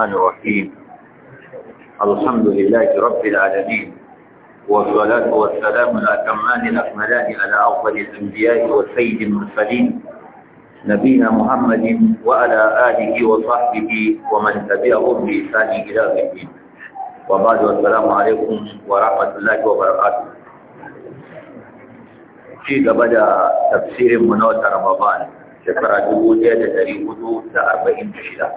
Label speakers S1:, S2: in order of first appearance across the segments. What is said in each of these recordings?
S1: الرحمن الرحيم الحمد لله رب العالمين والصلاة والسلام الأكمان الأكملان على أفضل الأنبياء والسيد المرسلين نبينا محمد وعلى آله وصحبه ومن تبعهم بإحسان إلى الدين وبعد السلام عليكم ورحمة الله وبركاته في قبل تفسير منوتر رمضان شكرا جبوتي تتريبوتو لأربعين شهر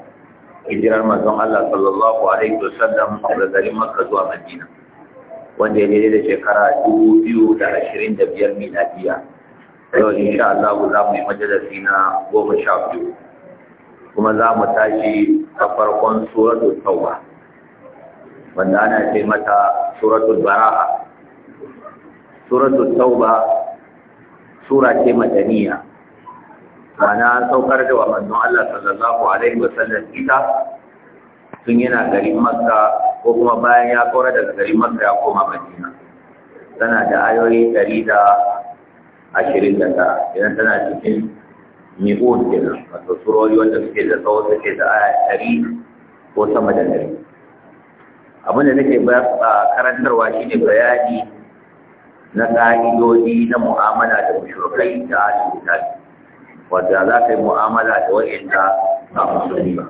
S1: hijirar mazan Allah sallallahu alaihi wasallam daga garin Makka zuwa Madina wanda ya daidai da shekara 2025 miladiya yau insha Allah za mu yi majalisi na goma sha biyu kuma za mu tashi a farkon suratul tauba wanda ana ce mata suratul bara'a suratul tauba sura ce madaniya mana an saukar da wa manzon Allah sallallahu alaihi wa sallam ita tun yana garin Makka ko kuma bayan ya kora daga garin Makka ya koma Madina tana da ayoyi ɗari da ashirin da ta idan tana cikin mi'un kenan wato surori wanda suke da tsawo suke da aya ɗari ko sama da ɗari abin da nake karantarwa shine bayani na ka'idodi na mu'amala da mushrikai da ahlul kitab wadda za ka yi mu'amala da wa'inda ba musulmi ba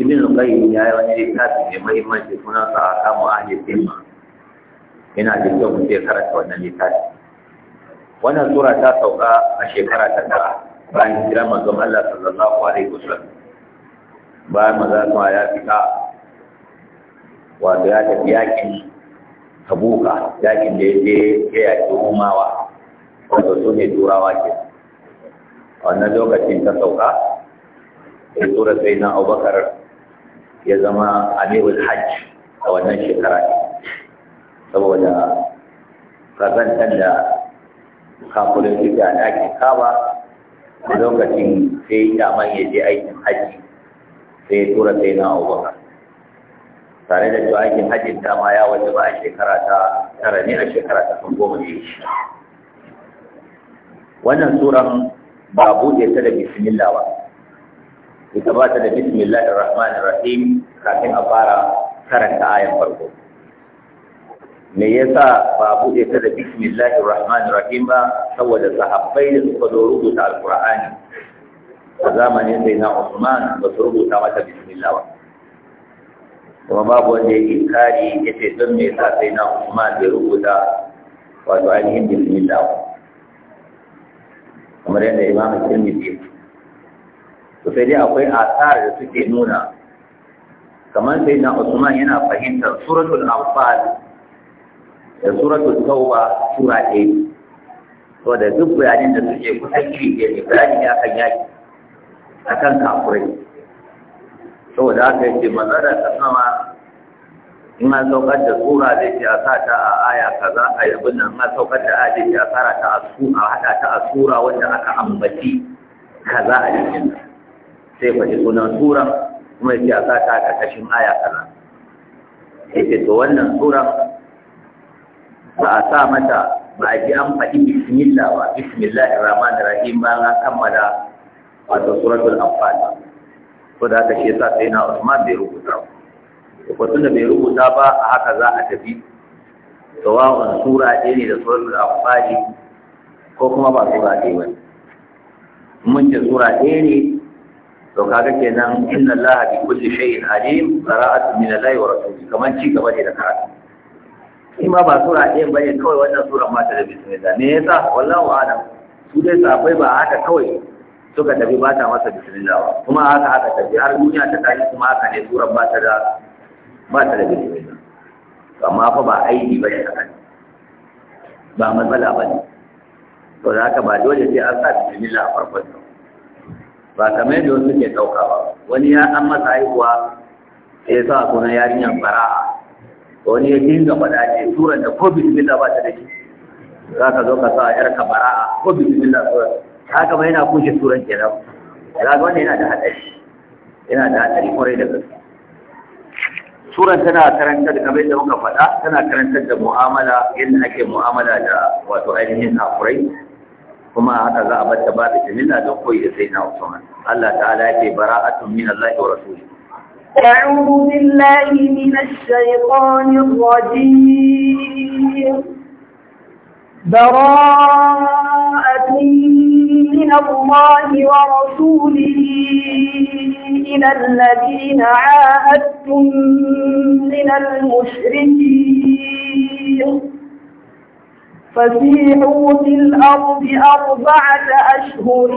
S1: nuka yi ya yi wani littafi mai mahimmanci sunan sa akamu ahli ma, yana da kyau mu je karanta wannan littafi wannan tura ta sauka a shekara ta tara bayan kira manzon Allah sallallahu alaihi wasallam bayan maza kuma ya fita wato ya tafi yakin tabuka yakin da ya je ya yaki rumawa wato su ne turawa ke wannan lokacin ta sauka sai tura sai na abubakar ya zama amirul hajj a wannan shekara saboda kazantar da kafurin suke a ɗakin kaba a lokacin sai daman ya je aikin hajji sai ya tura sai na abubakar tare da cewa aikin hajjin ma ya wajen ba a shekara ta tara ne a shekara ta kan goma ne wannan suran ba a buɗe ta da bismillah ba ita ba ta da bismillahir rahmanir rahim kafin a fara karanta ayan farko me yasa ba a buɗe ta da bismillahir rahmanir rahim ba saboda sahabbai da suka zo rubuta Alkur'ani? a zamanin sai na Usman ba su rubuta mata bismillah ba kuma babu wanda ya inkari ya ce don me yasa sai na Usman bai rubuta wato ainihin bismillah ba kamar yadda imam biyu to sai dai akwai asar da suke nuna kamar sai na usman yana fahimtar suratul anfal da suratul tauba sura ɗaya to da duk bayanin da suke kusan iri ɗaya ne bayani ne akan yaki akan kafurai saboda haka yace mazara ta sama in an saukar da sura zai ce a sa ta a aya kaza a yabin nan an saukar da aya zai ce a tsara ta a su a hada ta a sura wanda aka ambaci kaza a cikin sai faɗi sunan suran kuma ya ce a sa ta a ƙarƙashin aya kaza ya ce to wannan suran ba a sa mata ba a ji an faɗi bismillah ba bismillahir rahmanir rahim ba an kammala wato suratul anfal ko da haka shi sa sai na Usman bai rubuta ba wasu da bai rubuta ba a haka za a tafi sawa'un sura ɗaya ne da da anfali ko kuma ba sura ɗaya ba mun ce sura ɗaya ne to kaga kenan inna allaha bi kulli shay'in alim qira'atu min allahi wa rasuli kaman ci gaba ne da karatu in ma ba sura ɗaya ba ne kawai wannan sura ma ta da bismillah me yasa wallahu a'lam su dai sabai ba haka kawai suka tafi ba ta masa bismillah ba kuma haka haka tafi har duniya ta tafi kuma haka ne suran ba ta da ba ta da ba, amma fa ba aiki ba ne ba matsala ba ne to da haka ba dole sai an sa bismillah a farkon nan ba kamar yadda wasu ke ɗauka ba wani ya an masa haihuwa sai ya sa a sunan yarinyar fara'a wani ya dinga faɗa ce turan da ko bismillah ba ta da shi za ka zo ka sa yarka fara'a ko bismillah suran haka ba yana kushe turan kenan ya ga wannan yana da haɗari yana da haɗari kwarai da gaske suran tana karantar kamar da muka faɗa tana karantar da mu'amala yadda ake mu'amala da wato ainihin kafurai kuma haka za a ta ba da jamila don koyi da sai na Usman Allah ta'ala yake bara'atun min Allah rasu. rasuli
S2: أعوذ بالله من الشيطان الرجيم براءة من الله ورسوله إلى الذين عاهدتم من المشركين فسيحوا في الأرض أربعة أشهر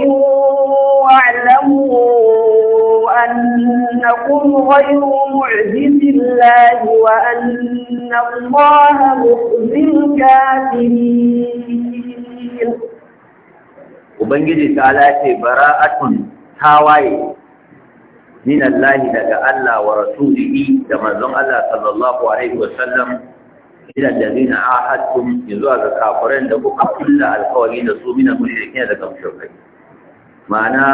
S2: واعلموا واعلموا أنكم غير معجز الله وأن الله مخزي الكافرين
S1: Ubangiji ta lace bara'atun tawaye min Allah daga Allah wa rasulihi da manzon Allah sallallahu alaihi wa sallam ila allazina ahadtum zuwa ga kafiran da kuka kulla alkawari da su min mushrikin daga mushrikai ma'ana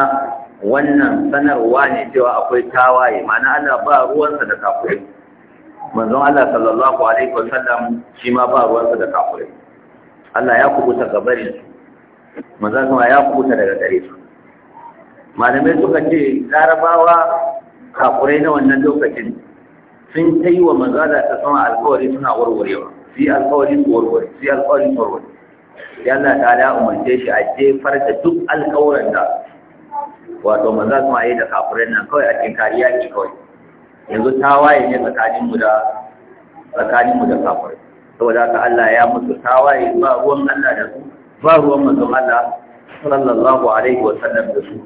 S1: wannan sanarwa ne cewa akwai tawaye ma'ana Allah ba ruwansa da kakure. manzon Allah sallallahu alaihi wasallam shi ma ba ruwansa da kakure. Allah ya kubuta gabari manzon kuma ya kubuta daga gare su malamai suka ce larabawa kakure na wannan lokacin sun ta yi wa manzala ta sama alkawari suna warwarewa su yi alkawari su warware su yi alkawari su warware Yana ta ala umarce shi a jefar da duk alkawuran da wato manzan kuma yi da kafirin nan kawai a cikin kariya ne kawai yanzu tawaye ne tsakaninmu da kafirin saboda haka Allah ya musu tawaye ba ruwan Allah da su ba ruwan manzon Allah sallallahu alaihi wa sallam da su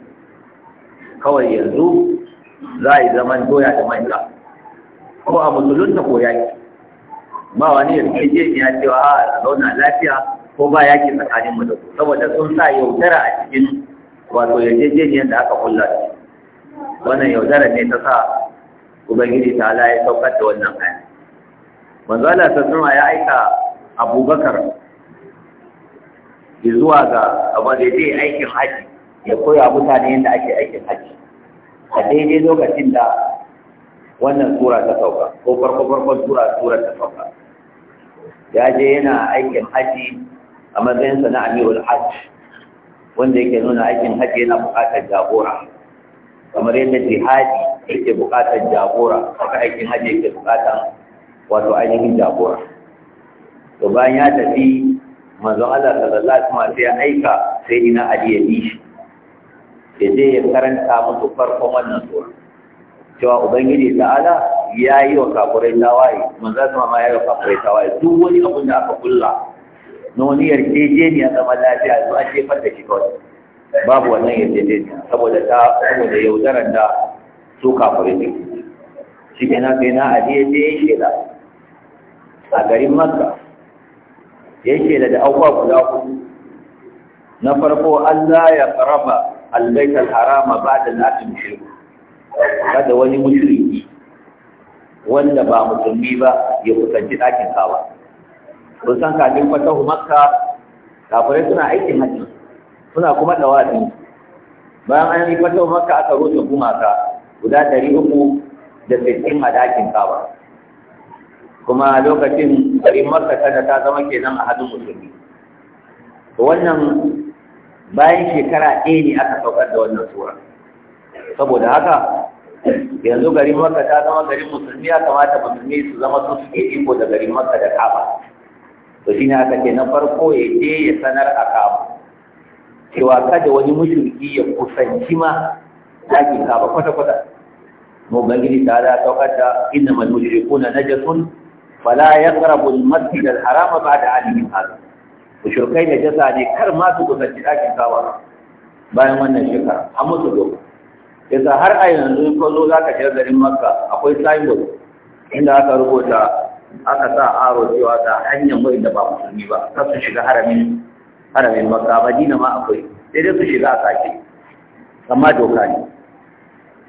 S1: kawai yanzu za a yi zaman doya da manja ko a musulunta ko yaki ba wani yarjejeniya cewa a zauna lafiya ko ba yaki tsakaninmu da su saboda sun sa yautara a cikin wato yarjejeniyar da aka kulla wannan yaudara ne ta sa ubangiji ta ala ya saukar da wannan aya manzo Allah sallallahu ya aika Abubakar zuwa ga abin da zai aikin haji ya koya mutane yadda ake aikin haji a daidai lokacin da wannan sura ta sauka ko farko farkon sura sura ta sauka ya je yana aikin haji a matsayinsa na amirul hajj wanda yake nuna aikin hajji yana buƙatar jagora kamar yadda jihadi yake buƙatar jagora haka aikin hajji yake buƙatar wato ainihin jagora to bayan ya tafi manzon Allah sallallahu alaihi wasallam sai ya aika sai ina Ali ya bi shi ya je ya karanta musu farkon wannan sura cewa ubangiji ta'ala ya yi wa kafirai tawaye manzon Allah ma ya yi wa kafirai tawaye duk wani abin da aka kulla na wani a zaman lafiya zuwa shefar da shi kawai babu wannan yarjejeniya saboda ta saboda yaudarar da su kafirai ne shi ke nan sai na ajiye ne ya shela a garin makka ya shela da abubuwa guda hudu na farko allah ya karaba albaitar harama ba da nasu ba da wani mushriki wanda ba musulmi ba ya kusanci ɗakin kawa kun san kafin fatahu makka kafirai suna aikin haji suna kuma da wadi bayan an yi fatahu makka aka rushe gumaka guda ɗari uku da sittin a dakin kaba kuma lokacin garin makka tana ta zama kenan a hannun musulmi wannan bayan shekara ɗaya ne aka saukar da wannan sura saboda haka yanzu garin makka ta zama garin musulmi ya kamata musulmi su zama su suke iko da garin makka da kaba to shine aka ce na farko ya je ya sanar a kamu. cewa kada wani mushriki ya kusanci ma ɗakin kaba kwata-kwata mubangiji ta da saukar da inna mal mushrikuna najasun fala yaqrabu al masjid al harama ba'da alihim hada mushrikai da jasa ne kar ma su kusanci ɗakin kaba bayan wannan shekara an musu doka yasa har a yanzu in ka zo za ka shiga garin makka akwai signboard inda aka rubuta aka sa aro cewa ga hanyar mai da ba musulmi ba kar su shiga haramin haramin makka madina ma akwai sai dai su shiga a sake amma doka ne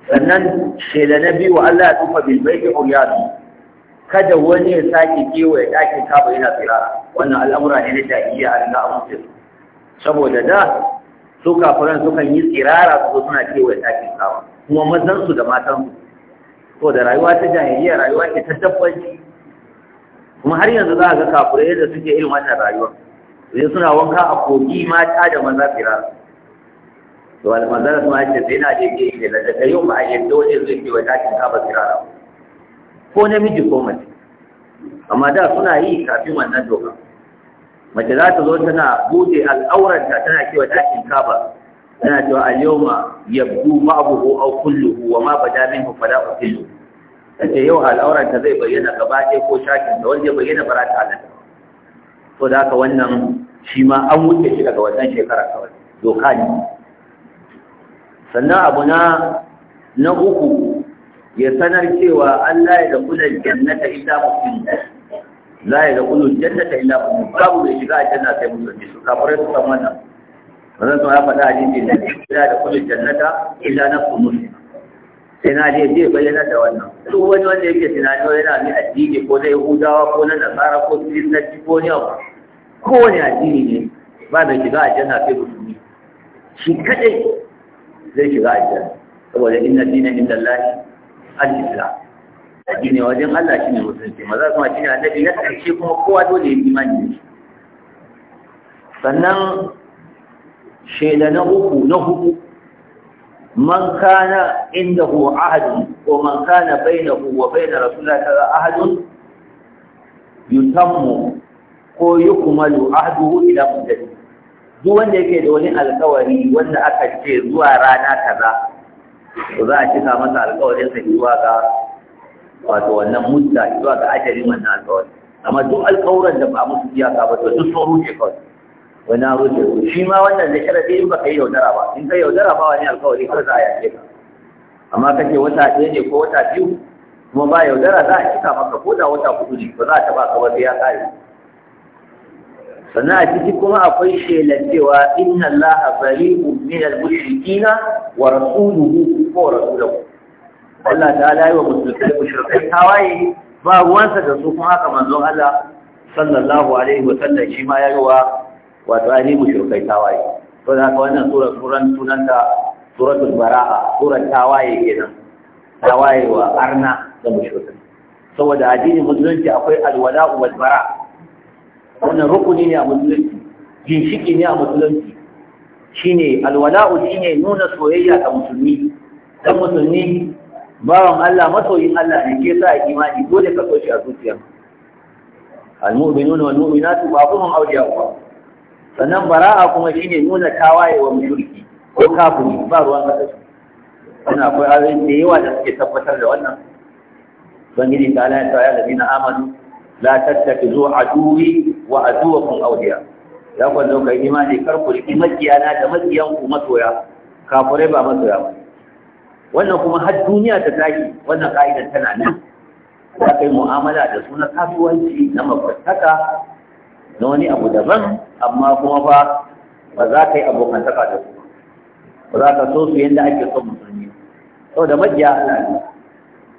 S1: sannan shela na biyu Allah ya tufa bil baiti uriyatu kada wani ya sake dake ɗakin ba yana tsira wannan al'amura ne na jahiliya a rinka amince saboda da su kafiran sukan yi tsirara su suna ya ɗakin ka kuma mazan su da matan su ko da rayuwa ta jahiliya rayuwa ce ta tabbaci kuma har yanzu za a ga kafirai yadda suke irin wannan rayuwa sai suna wanka a kogi mata da maza fira to wal manzara sun ake sai na da yake da daga yau ba a yadda wani zai ke wata kin kaba fira ko namiji ko mace amma da suna yi kafin wannan doka mace za ta zo tana bude al'auranta tana kewa ɗakin kaba tana cewa al ma yabdu ma'abuhu aw kulluhu wa ma bada minhu fala uqillu ta yau al'auranta zai bayyana gaba ɗaya ko shakin da wanda ya bayyana ba ta halatta to da haka wannan shi ma an wuce shi daga wannan shekara kawai doka ne sannan abu na na uku ya sanar cewa Allah ya dakula jannata illa mutum la ya dakula jannata illa mutum babu mai shiga a janna sai musulmi su kafirai su san wannan wannan sun ya faɗa hadisi da ya dakula jannata illa nafsu muslim sai na je bayyana da wannan su wani wanda yake tunani wani yana mai addini ko na yahudawa ko na nasara ko kiristanci ko ne abu kowane addini ne ba mai shiga jana sai musulmi shi kadai zai shiga a jana saboda inna dina inda lahi al-islam addini wajen Allah shine musulunci maza kuma shine annabi na karshe kuma kowa dole ya imani ne sannan shaida na uku na hudu man kana indahu ahad ko man kana bainahu wa bain rasulillahi kaza ahad ko yukmalu ahduhu ila muddatin duk wanda yake da wani alkawari wanda aka ce zuwa rana kaza to za a cika masa alƙawarin sa zuwa ga wato wannan mudda zuwa ga ajalin wannan alkawari amma duk alkawuran da ba musu iyaka ba to duk sun rushe kawai wani abu da shi ma wannan da sharaɗi in baka yi yaudara ba in ka yaudara ba wani alkawari kar za a yaƙe ka amma kake wata ɗaya ne ko wata biyu kuma ba yaudara za a cika maka ko da wata hudu ne ba za ta ba ka ba sai ya ƙare sannan a ciki kuma akwai shelan cewa inna allaha bari'u min al-mushrikina wa rasuluhu ko rasuluhu Allah ta'ala yi wa musulmai mushrikai tawaye ba ruwansa da su kuma haka manzon Allah sallallahu alaihi wa sallam shi ma ya yi wa wato ainihin mushrikai tawaye to da haka wannan sura suran sunanta suratul bara'a suran tawaye kenan tawaye wa arna da mushrikai saboda addinin musulunci akwai alwala wal bara'a wannan rukuni ne a musulunci ginshiki ne a musulunci shine alwala'u shine nuna soyayya ga musulmi dan musulmi bawan Allah masoyin Allah ne ke sa imani dole ka so shi a zuciya al-mu'minuna wal mu'minatu ba'dhum awliya'u sannan bara'a kuma shine nuna tawaye wa mushriki ko kafiri ba ruwan kasa wannan akwai ayoyi da yawa da suke tabbatar da wannan ubangiji da ala ya tsaya da bina amanu la tattakizu aduwi wa aduwakum awliya ya ku zo kai imani kar ku riki makiyana da makiyan ku masoya kafirai ba masoya ba wannan kuma har duniya ta tashi wannan ka'idar tana nan za ka yi mu'amala da su na kasuwanci na mafartaka na wani abu daban amma kuma fa ba za ka yi abokantaka da kuma ba za ka so su yadda ake son musulmi sau da majiya ana ne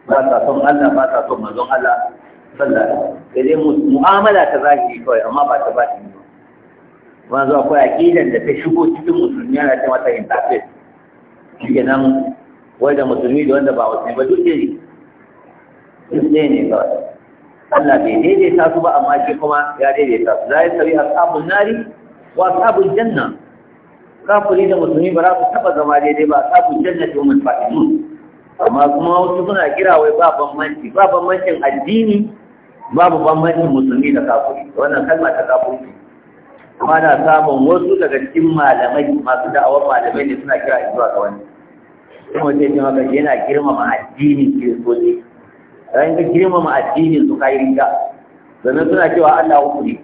S1: ba sa son Allah ba sa son mazon Allah sallallahu alaihi wasallam mu'amala ta zahiri kawai amma ba ta yi ba kuma zuwa akwai aqidan da ta shigo cikin musulmi ana ta mata interface shikenan nan da musulmi da wanda ba musulmi ba duk ne duk ne kawai Allah bai daidaita su ba amma shi kuma ya daidaita su la yasawi ashabun nari wa ashabul janna kafiri da musulmi ba za su taba zama daidai ba ashabul janna su al-fa'izun amma kuma wasu suna kira wai ba bambanci ba bambancin addini babu bambancin musulmi da kafiri wannan kalma ta kafiri amma na samun wasu daga cikin malamai masu da'awar malamai ne suna kira zuwa ga wani kuma sai ce maka yana girmama addinin kiristoci ran ka girmama addinin su kai riga. sannan suna cewa Allah uku ne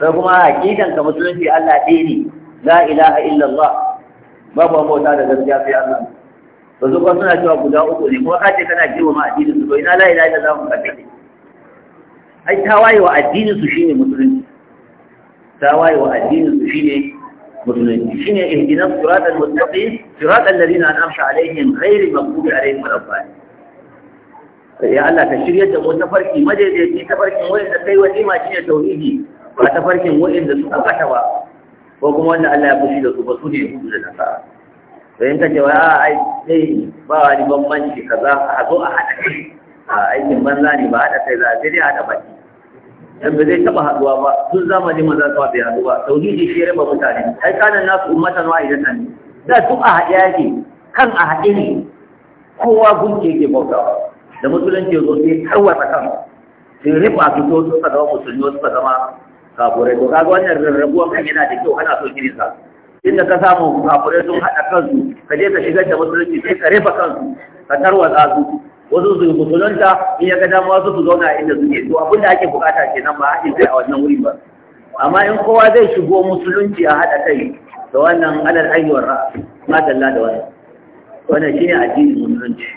S1: sai kuma hakikan ka musulunci Allah ɗaya ne la ilaha illallah babu abota da gaskiya sai Allah ba su kuma suna cewa guda uku ne kuma kace kana girmama addinin su to ina la ilaha illallah mun kace ai tawaye wa addinin su shine musulunci tawaye wa addinin su shine musulunci shine ihdinas siratal mustaqim siratal ladina an'amta alaihim ghairil maghdubi alaihim waladdallin ya Allah ka shirya da mu tafarki madaidaici tafarkin wanda kai shi ne tauhidi ba tafarkin wanda suka kata ba ko kuma wanda Allah ya fushi da su ba su ne su da nasara to in ka ce a ai dai ba wani bambanci kaza a zo a hada kai a aikin banza ne ba hada kai za a sai dai hada baki dan ba zai taba haduwa ba tun zamani maza su bai haduwa tauhidi shi ya raba mutane ai kanan nasu ummatan ne da su a haɗe yake kan a haɗe ne kowa gunke ke bautawa da musulunci zo sai wata kan sai riba su zo suka zama musulmi suka zama kafurai to kaga wannan rarrabuwan kan yana da kyau ana so irin sa inda ka samu kafurai sun haɗa kansu ka je ka shigar da musulunci sai ka riba kansu ka tarwatsa su wasu su musulunta in ya ga dama wasu su zauna inda suke to abin da ake bukata kenan ba haɗin kai a wannan wuri ba amma in kowa zai shigo musulunci a haɗa kai da wannan alal ayyuwar ra'a ma dalla da wannan wannan shine addinin musulunci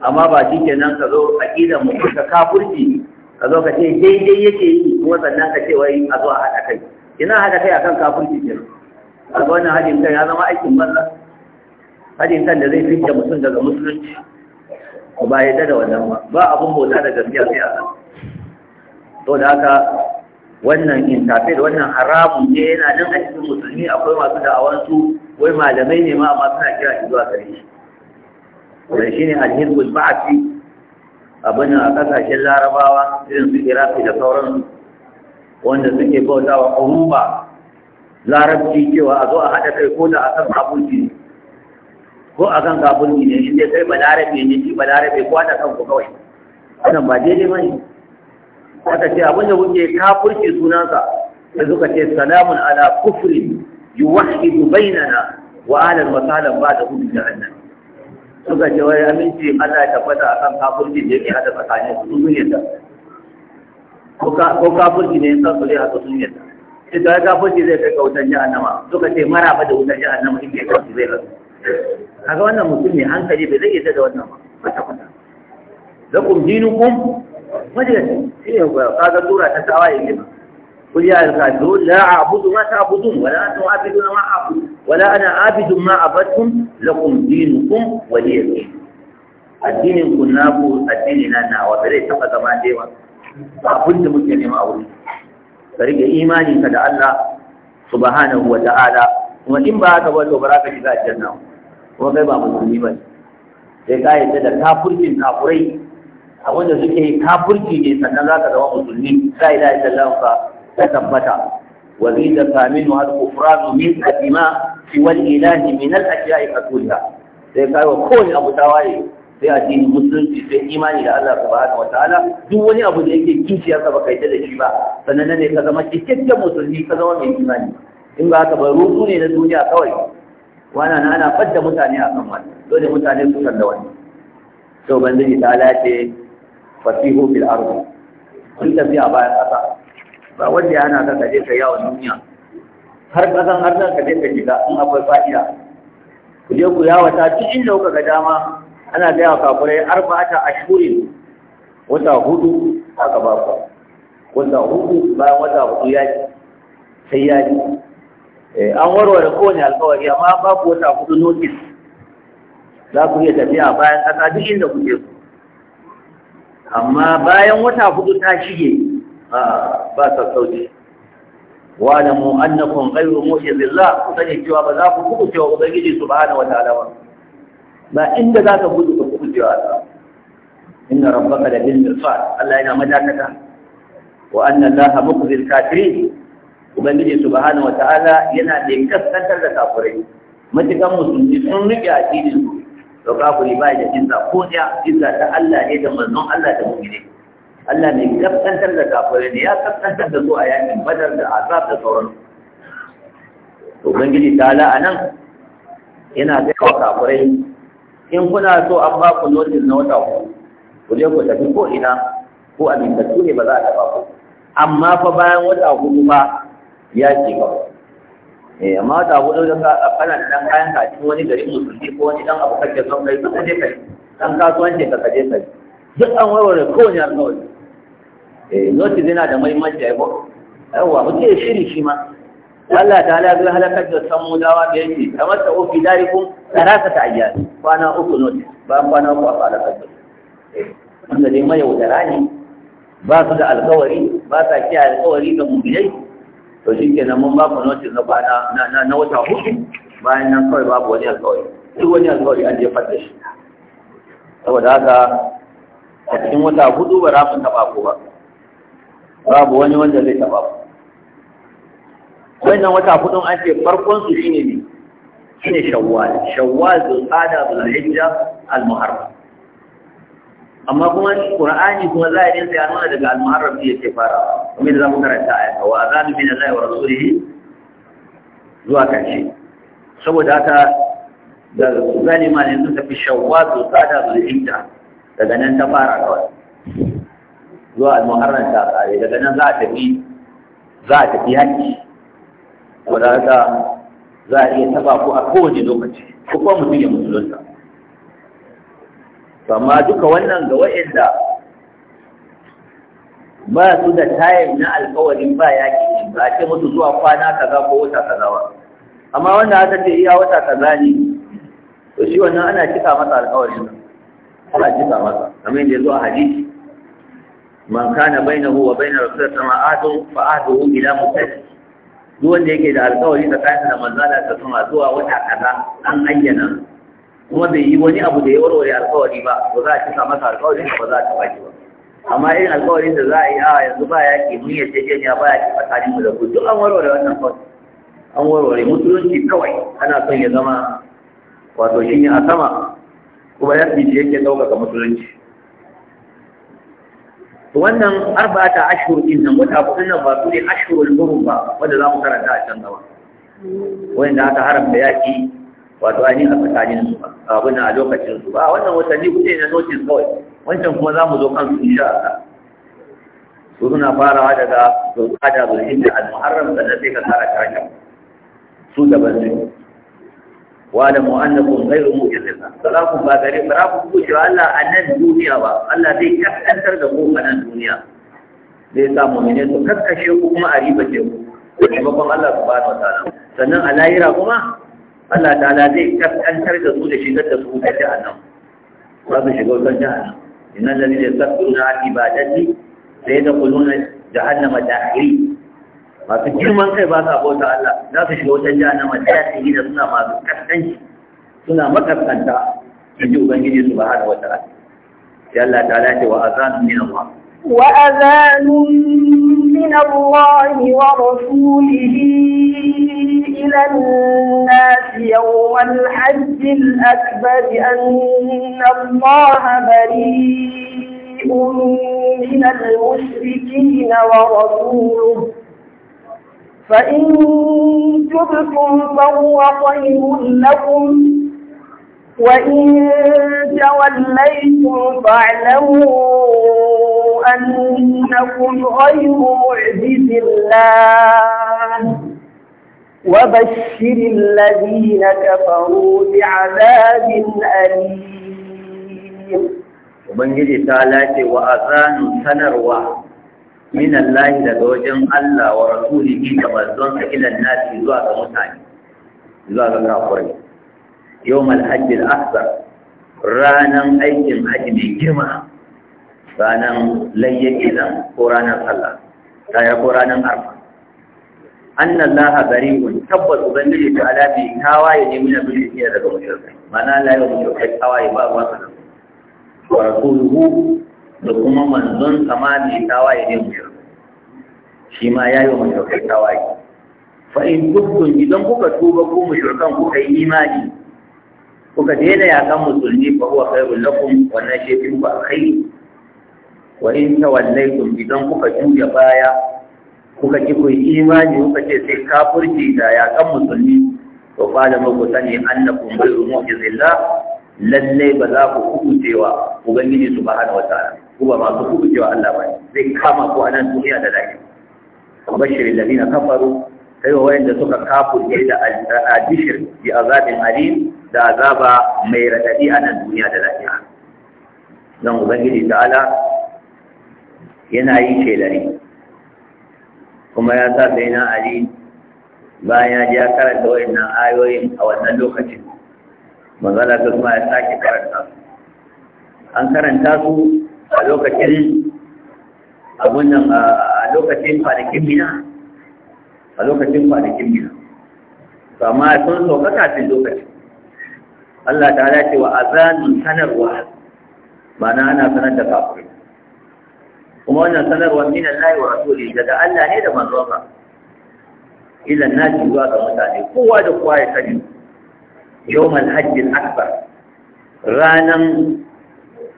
S1: amma ba shi kenan ka zo a ƙida mu kusa kafurci ka zo ka ce daidai yake yi kuma sannan ka ce wai a zo a haɗa kai ina haɗa kai akan kafurci ke a wannan haɗin kan ya zama aikin banza Hadin kan da zai da mutum daga musulunci ba ya da wannan ba ba abun bauta da gaskiya sai Allah to da haka wannan da wannan haramun ne yana nan a cikin musulmi akwai masu da'awansu wai malamai ne ma amma suna kira shi zuwa gare shi wanda shi ne alhizbul ba'afi abin a ƙasashen larabawa irin su iraki da sauran wanda suke bauta wa ƙuruba larabci cewa a zo a haɗa kai ko da a kan kafunki ne ko a kan kafunki ne inda kai balarabe ne shi balarabe ko haɗa kanku kawai wannan ba daidai ba ne aka ce abin da kuke kafulci sunansa da suka ce salamun ala kufrin yuwahidu bainana wa alal masalan ba da hudu jahannam suka ce wai aminci Allah ya tabbata a kan kafurci da yake hada tsakanin su sun yadda ko kafurci ne san su zai hada sun yadda ta da kafurci zai kai kautan jahannama suka ce mara ba da wutan jahannama in bai kafurci zai haka kaga wannan mutum ne hankali bai zai yadda da wannan ba kwata kwata lakum dinukum majalisi shi ne kaga tura ta tawaye ne ba kul ya alkafirun la a'budu ma ta'budun wala antum a'budu ma a'budu wala ana abidun ma abattum lakum dinukum waliya din addinin ku na ku addini na nawa bare taba zama dai ba abin da muke nema a wuri ka rike imani ka da Allah subhanahu wa ta'ala kuma in ba haka ba to ba za ka shiga aljanna kuma kai ba musulmi ba sai ka yadda da kafurcin kafurai wanda suke yi ne sannan za ka zama musulmi la ilaha illallah ka tabbata وزيد ثامنها الكفران من الدماء سوى الاله من الاشياء كلها sai ka yi kowane abu ta waye sai a jini musulunci sai imani da Allah subhanahu wa ta'ala duk wani abu da yake kishiya ka baka yi da shi ba sanannan ne ka zama cikakken musulmi ka zama mai imani in ba ka bar rusu ne na duniya kawai wana na ana fadda mutane a kan wani dole mutane su san da wani to banzani ta lace fasihu bil ardi kun tafi a bayan kasa ba wanda ya da kaje ka yawo duniya har kasan har nan ka je ka shiga in akwai fa'ida ku je ku ta cikin inda kuka ga dama ana gaya wa kafurai arba'ata ashhurin wata hudu aka ba ku wata hudu bayan wata hudu ya ji sai ya ji eh, an warware kowane alkawari amma ba ku wata hudu notice za ku iya tafiya bayan ƙasa duk inda kuke so amma bayan wata hudu ta shige ba sa sauki. wa da mu annakum ghayru mu'jizillah ku sani cewa ba za ku kubuce wa ubangiji subhanahu wa ta'ala ba ba inda za ka gudu ka kubuce wa Allah inna rabbaka la bil mirsad Allah yana madakata wa anna allaha mukhzil kafiri ubangiji subhanahu wa ta'ala yana da kaskantar da kafirai matukan musulmi sun rike addinin su to kafiri ba da jinsa ko ya jinsa ta Allah ne da manzon Allah da mu'mini Allah ne kaskantar da kafare ne ya kaskantar da zuwa a yakin badar da azab da sauran to ubangiji ta ala anan yana ga kafare in kuna so an ba ku notice na wata ku ku je ku tafi ko ina ko da ne ba za a ba ku amma fa bayan wata hudu ba ya ce ba eh amma wata hudu da ka kana da dan kayan ka cikin wani garin musulmi ko wani dan abu kake son kai ka je kai dan kasuwanci ka je kai duk an warware kowane alkawari eh notice yana da muhimmanci ai ko yawa mutum ya shiri shi ma Allah ta ala zai halakar da samu dawa da yake ta masa ofi dari kun tsarasa ta ayyar kwana uku notice ba kwana uku a halakar da wanda dai mai yaudara ne ba su da alkawari ba sa kiyaye alkawari ga mubilai to shi ke mun ba ku notice na kwana na wata hudu bayan nan kawai babu wani alkawari duk wani alkawari an je da shi saboda haka a cikin wata hudu ba za mu taba ku ba babu wani wanda zai taɓa ku wannan wata hudun an ce farkon su shine ne shine shawwal shawwal zulqa'da zulhijja al-muharram amma kuma qur'ani kuma za a yi ya nuna daga al-muharram ya yake fara kuma za mu karanta ayata wa azanu min allahi wa rasulihi zuwa kanshi saboda haka da zalima ne sun tafi shawwal zulqa'da zulhijja daga nan ta fara kawai zuwa al ta kare daga nan za a tafi za a tafi hajji wanda haka za a iya taba ku a kowace lokaci ko kuma mutum ya musulunta to amma duka wannan ga wa'inda ba su da tayin na alkawarin ba yaƙi ba ce musu zuwa kwana kaza ko wata kaza ba amma wanda aka ce iya wata kaza ne to shi wannan ana cika masa alkawarin za a cika masa kamar yadda zuwa hadisi man kana bainahu wa bainar rasul sama adu fa aduhu ila mutaddi duk wanda yake da alƙawari tsakanin da manzala ta sama zuwa wata kaza an ayyana kuma bai yi wani abu da ya warware alƙawari ba ba za a cika masa alƙawarin ba za a taɓa shi ba amma irin alƙawarin da za a yi a yanzu ba ya ke mun yace ce ya ba ya ke tsakanin mu da ku duk an warware wannan kawai an warware mutunci kawai ana son ya zama wato shi ne a sama kuma ya fi yake ɗaukaka musulunci wannan ta ashirin, din nan wata kudin nan ba su ne ashirin hurum ba wanda za mu karanta a can gaba wanda aka haramta yaƙi wato ainihin a tsakanin abin a lokacin su ba wannan watanni kuɗe na notis kawai wancan kuma za mu zo kansu sha Allah su suna farawa daga zulqada zulhijja al-muharram sannan sai ka tsara karshen su daban su wa'alamu annakum ghayru mu'jizina salaku ba gare ba ku kuce Allah a nan duniya ba Allah zai kaskantar da ku a nan duniya zai sa mu'mini su kaskashe ku kuma a riba ce ku da taimakon Allah subhanahu wataala sannan a lahira kuma Allah ta'ala zai kaskantar da su da shigar da su ta jahannam ba su shiga wutar jahannam innal ladina yastakbiruna an ibadati sayadkhuluna jahannama dakhiri masu girman kai ba sa bauta Allah za su shiga wutar jahannama ta yi da suna masu kaskanci suna makaskanta da ji ubangiji su ba bahana wata rai sai Allah ta lace
S2: wa azanun min Allah wa azanun min Allah wa rasulihi ila an-nas yawm al-hajj al-akbar anna Allah bari من المشركين ورسوله فإن تبتم فهو طيب لكم وإن توليتم فاعلموا أنكم غير معجز الله وبشر الذين كفروا بعذاب أليم
S1: وبنجد تعالى وأذان سنروى min Allah daga wajen Allah wa rasulihi da manzon sa ila nasi zuwa ga mutane zuwa ga kafirai yawmal hajj al-akbar aikin hajji mai girma Ranar layyaki kenan ko ranan sallah kaya ko ranan arfa anna Allah bari'un tabbas ubangiji ta alabi tawaye ne min abin da daga mushrikai mana la yau kai tawaye ba ruwan sa
S2: wa rasuluhu
S1: da kuma manzon sama mai tawaye ne mu shi ma ya yi wa mashirkai tawaye fa'in tuktun idan kuka tuba ko shirkan kuka yi imani kuka daina yakan musulmi fa huwa khairul lakum wannan shi fi ku alkhairi wa in tawallaytum idan kuka juya baya kuka ki ku imani kuka ce sai kafirci da yakan musulmi to fa da muku sani annakum ghayru mu'jizillah lalle ba za ku kubutewa ubangiji subhanahu ta'ala ko ba masu kudu cewa Allah ba zai kama ku a nan duniya da lahira bashirin ladina kafaru sai wa wayanda suka kafu kafurce da adishir bi azabin alim da azaba mai radadi a nan duniya da lahira dan ubangiji Ala. yana yi shelari kuma ya sa sai na ali bayan ya ji ya karanta wayannan ayoyin a wannan lokacin manzala ta kuma ya sake karanta su an karanta su a lokacin abun nan a lokacin kwanakin mina a lokacin kwanakin mina to amma sun sauka kafin lokacin Allah ta halace wa azanun sanarwa mana ana sanar da kafirin kuma wannan sanarwar min Allah wa rasuli daga Allah ne da ka. ila nasi zuwa ga mutane kowa da kowa ya sani yawmal hajjil akbar ranan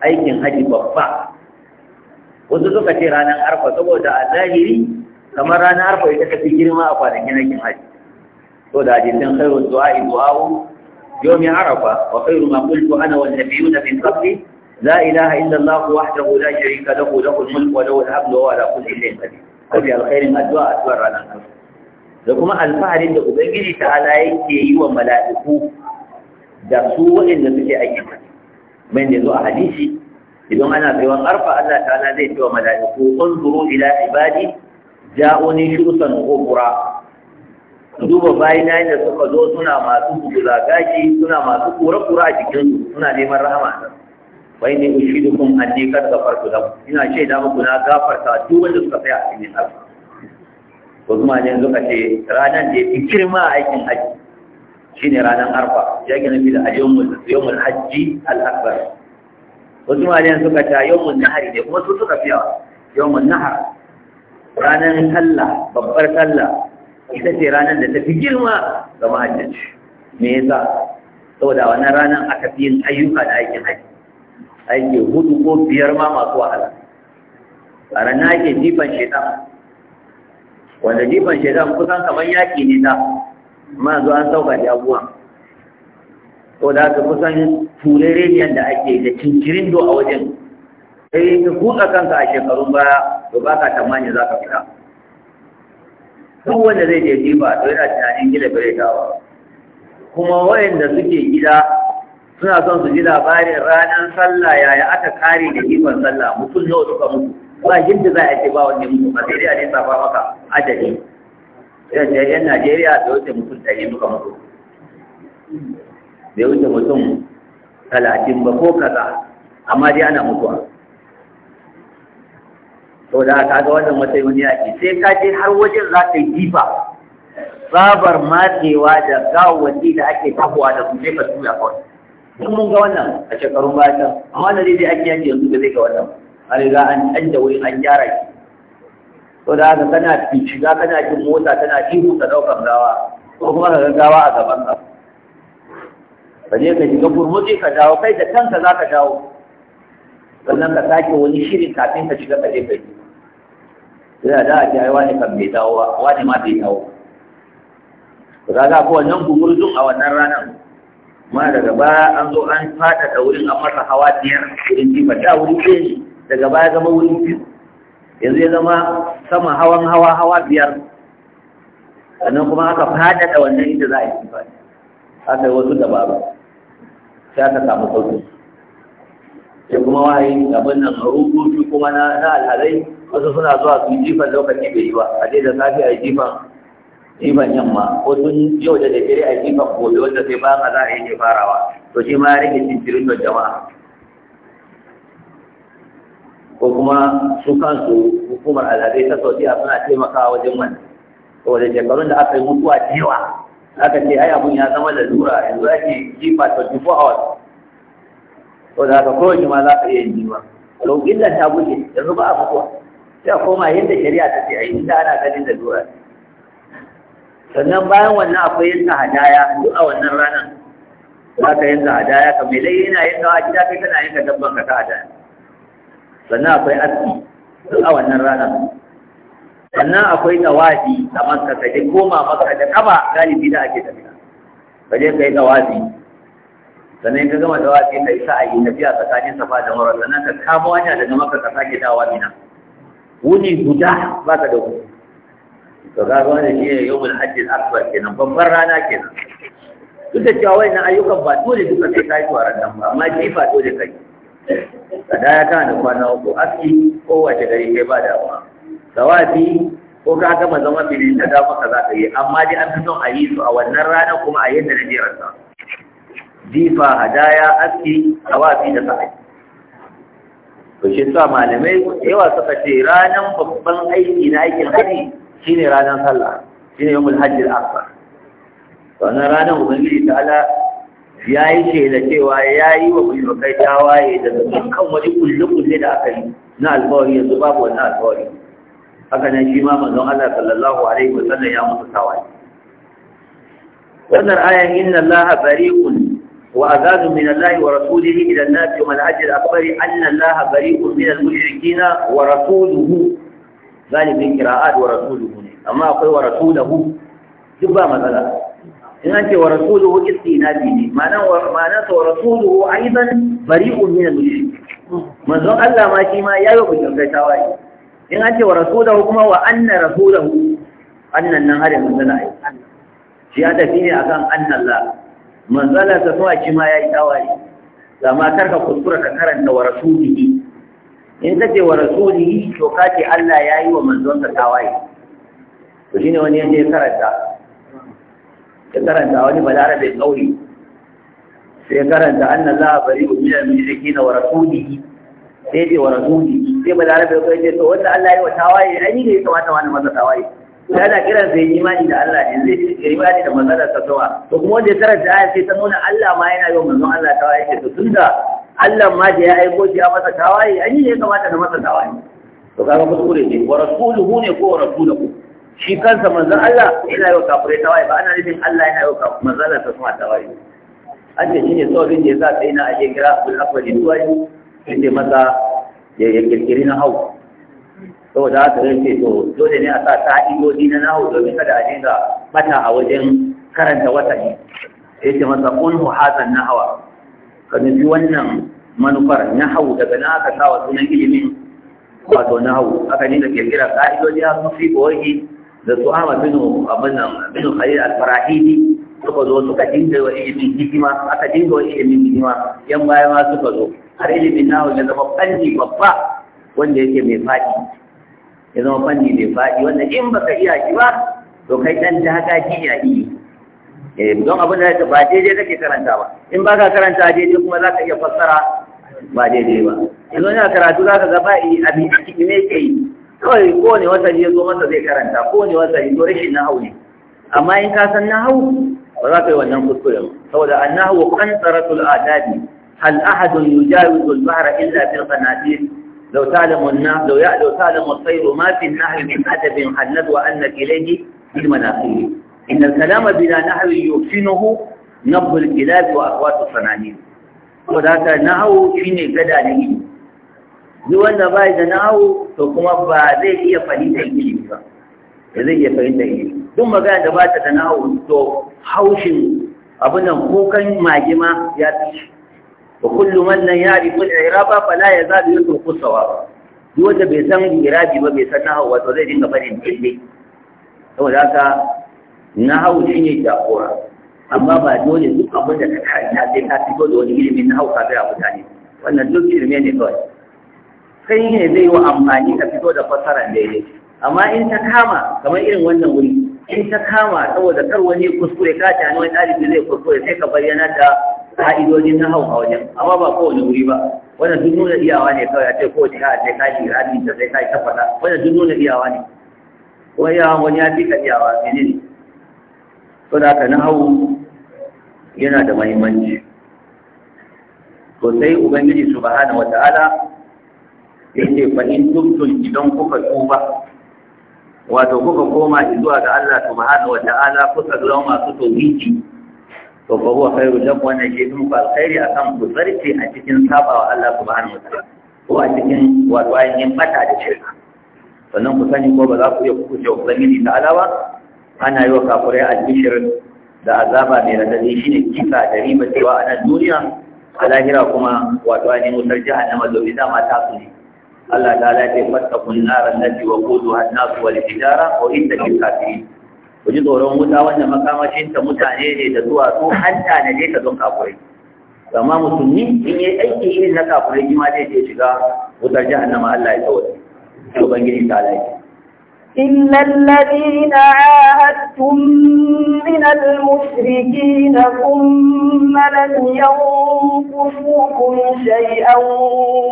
S1: aikin haji babba wasu suka ce ranar arfa saboda a zahiri kamar ranar arfa ita tafi girma a kwanakin aikin haji to da hadisin khairu du'a du'a'u yawmi arafa wa khairu ma qultu ana wan nabiyuna min qabli la ilaha illa allah wahdahu la sharika lahu lahu al-mulku wa lahu al-hamdu wa ala kulli shay'in qadir kabi alkhairin addu'a addu'a ranar arfa da kuma alfaharin da ubangiji ta'ala yake yi wa mala'iku da su waɗanda suke aikin haji bayan da zo a hadisi idan ana tsayuwar arfa Allah ta'ala zai ce wa mala'iku unzuru ila ibadi ja'uni shurusan kubura duba bayina da suka zo suna masu gulagashi suna masu kura-kura a jikinsu suna neman rahama wai ne ushidu kun anni kar gafartu lahu ina ce da muku na gafarta duk wanda suka tsaya a cikin arfa ko kuma ne suka ce ranar da yafi girma a aikin haji shine ranar arfa ya gina bi da mu ayyumul hajji al-akbar wasu malayan suka ta yawon nahari ne kuma su suka fiya yawon nahar ranar sallah babbar sallah ita ce ranar da ta fi girma ga mahajjaci me yasa saboda wannan ranar aka fi yin ayyuka da aikin haji aiki hudu ko biyar ma masu wahala a ranar ake jifan shaitan wanda jifan shaitan kusan kamar yaki ne ta ma zuwa an sauka jagowa ko da ka kusan turere ne da ake da cincirin do a wajen sai ka kuka kanka a shekarun baya to ba ka tamani za ka fita duk wanda zai je jiba to yana tunanin gida bare dawa kuma wayanda suke gida suna son su ji labarin ranar sallah yaya aka kare da jifan sallah mutum nawa suka mutu ba yadda za a ce ba wani mutu ba sai dai a ne safa maka adadi yadda yan najeriya da wata mutum ɗari suka mutu bai wuce mutum talatin ba ko kaza amma dai ana mutuwa to da ka ga wannan matsayi wani yaki sai ka je har wajen za ka yi jifa babar matsewa da gawawwaki da ake tahowa da su sai ka ya kawai sun mun ga wannan a shekarun baya can amma da dai ake yaki yanzu da zai ga wannan a riga an canja wuri an gyara shi to da haka kana shiga kana jin mota tana ihu ka ɗaukar gawa ko kuma ka ga gawa a gaban ka ka je ka shiga gurmuzi ka dawo kai da kanka za ka dawo sannan ka sake wani shirin kafin ka shiga ka je ka yi yana da a cewa wani kan bai dawo ba wani ma bai dawo ba ka ga ko wannan gurmuzin a wannan ranar ma daga baya an zo an fata da wurin a masa hawa biyar wurin ba da wuri ɗaya daga baya zama wurin biyu yanzu ya zama sama hawan hawa hawa biyar sannan kuma aka fada da wannan inda za a yi kifa aka yi wasu dabaru. sai aka samu sauki sai kuma wayi abin nan shi kuma na alhalai wasu suna zuwa su jifan lokaci bai yi ba a dai da safi a jifan jifan yamma ko tun yau da dare a jifan gobe wanda sai ba a za a yi ne farawa to shi ma ya rage cincirin da jama'a ko kuma su kansu hukumar alhazai ta sauti a suna taimakawa wajen wani. to da shekarun da aka yi mutuwa da yawa aka ce ai abun ya zama da lura yanzu ake jifa 24 hours to da haka kowace ma za ka iya yin ba to illa ta buge yanzu ba a mutuwa sai a koma yadda shari'a ta ce ai inda ana ganin da lura sannan bayan wannan akwai yanka hadaya duk a wannan ranar za ka yanka hadaya ka mai lai yana yanka a gida kai kana yanka dabban ka ta hadaya sannan akwai aski duk a wannan ranar sannan akwai tawafi a makka kaje je koma makka da kaba galibi da ake tafiya ka je ka yi tawafi sannan ka gama tawafi ka yi sa'ayi tafiya tsakanin safa da mara sannan ka kama wani daga makka ka sake dawa mina wuni guda ba ka da wuni to ka ga shi ne mun hajji al-akbar kenan babbar rana kenan duk da cewa wannan ayyukan ba dole duka sai ta tuwa ran nan ba amma jifa dole kai kada ya kana da kwana uku aski kowace gari kai ba damuwa tawafi ko ka gama zama biri ta da maka za ka yi amma dai an fi son a yi su a wannan ranar kuma a yadda na sa jifa hadaya aski tawafi da sa'i to shi sa malamai yawa suka ce ranar babban aiki na aikin haji shine ranar sallah shine yawmul hajjil akbar wannan ranar ubangiji ta ala ya yi ce da cewa ya yi wa mulkai tawaye da dukkan wani kulle-kulle da aka yi na alfawari yanzu babu wannan alfawari haka nan shi ma manzon Allah sallallahu alaihi wa wasallam ya musu tawaye wannan ayan inna Allah bari'un wa azanu min Allah wa rasulih ila an-nas yawm al-ajr akbar anna Allah bari'un min al-mushrikeen wa rasuluhu galibin qira'at wa rasuluhu ne amma akwai wa rasuluhu duk ba matsala in an ce wa rasuluhu istinabi ne ma'anar sa wa rasuluhu aidan bari'un min al-mushrikeen manzon Allah ma shi ma ya yi wa mushrikai tawaye in an ce wa rasulahu kuma wa anna rasulahu annan nan har yanzu na yi shi ya tafi ne akan annan la manzala ta kuma shi ma yayi tawaye da ma karka kuskura ka karanta wa rasulihi in ka ce wa rasulihi to ka ce Allah yayi wa manzon ka tawaye to shine wani yaje ya karanta ya karanta wani bai kauri sai ya karanta annan la bari min al-mushrikeena wa rasulihi sai dai wa rasulihi sai ba larabe ko yace to wanda Allah ya yi wa tawaye ai ne ya kamata wani masa tawaye da ana kiran sai imani da Allah in zai imani da manzon sa sawa to kuma wanda ya karanta aya sai ta nuna Allah ma yana yi wa manzon Allah tawaye ce to tunda Allah ma da ya aiko shi a masa tawaye ai ne ya kamata na masa tawaye to kaga kuskure ne wa rasuluhu ne ko rasuluhu shi kansa manzon Allah yana yau wa tawaye ba ana nufin Allah yana yau wa manzon Allah sa kuma tawaye an ce shi ne saurin da ya sa sai na ake kira abul akwai duwaye inda masa ya kirkiri na hau saboda da ta ce to dole ne a sa ta'idodi na hau domin kada a dinga bata a wajen karanta watanni ya ce masa unhu hazan na hawa ka nufi wannan manufar na hau daga na aka sa sunan ilimin wato na hau aka dinga kirkira ka'idodi a sun fi boyi da su ama bin abin nan bin al suka zo suka dinga wa ilimin hikima aka dinga wa ilimin hikima yan baya ma suka zo har ilimin nahu ya zama fanni babba wanda yake mai faɗi ya zama fanni mai faɗi wanda in baka iya shi ba to kai dan ta haka ji ya yi eh don abin da ba daidai kake karanta ba in baka karanta daidai kuma za ka iya fassara ba daidai ba yanzu ina karatu ka ga ba abin da kike ne ke yi kawai kowane wata ne zo masa zai karanta kowane wata ne to rashin na hau ne amma in ka san na hau ba za ka yi wannan kuskure ba saboda annahu qantaratul adabi hal ahadun yujawizu al-bahra illa bil qanatir لو تعلم النهر لو, لو تعلم الطير ما في النهر من أدب حلد وأنك إليه بالمناخير إن الكلام بلا نهر يحسنه نبض الكلاب وأصوات الصنانير وذاك نهو شين غدا نهي duk wanda ba da nawo to kuma ba zai iya fahimtar ilimi ba ba zai iya fahimtar ilimi duk magana da ba ta da nawo to haushin abin kokan magima mage ma ya fi wa kullu man lam ya'rif al-i'raba fala yazalu yatruku sawab duk wanda bai san irabi ba bai san nahawu wato zai dinga barin dille saboda haka nahawu shine jagora amma ba dole duk abin da ka karanta sai ka fito da wani ilimin nahawu ka ga mutane wannan duk ilimi ne kawai kai ne zai yi wa amfani ka fito da fasaran daidai amma in ta kama kamar irin wannan wuri in ta kama saboda kar wani kuskure ka ta wani ɗalibi zai kuskure sai ka bayyana da ka'idojin na hau a wajen amma ba kowane wuri ba wannan duk nuna iyawa ne kawai a ce ko ta ta ka shi rabi ta sai ka yi tabbata wannan duk nuna iyawa ne wani yawan wani ya fi ka iyawa ne ne to da ka na hau yana da mahimmanci to sai ubangiji subhanahu wataala yace fa in tubtum idan kuka tuba wato kuka koma zuwa ga Allah subhanahu wa ta'ala kuka zama masu tauhidi to fa huwa khairu lakum wannan shi fa alkhairi akan ku a cikin sabawa Allah subhanahu wa ta'ala ko a cikin wato ainihin bata da shirka sannan ku sani ko ba za ku iya kuce ubangiji ta alawa ana yi wa kafirai albishir da azaba mai radadi shine kisa da riba cewa a nan duniya a lahira kuma wato ainihin wutar jahannama domin dama ta su ne Allah ta ala ce fattakun naran nabi wa kudu hannasu wal hijara ko inda kin tsoron wuta wanda makamashin ta mutane ne da duwatsu an tanade ta don kafirai amma musulmi in yi aiki irin na kafirai ma zai je shiga wutar jahannama Allah ya tsawaye ubangiji ta laifi.
S2: إلا الذين عاهدتم من المشركين ثم لم ينقصوكم شيئا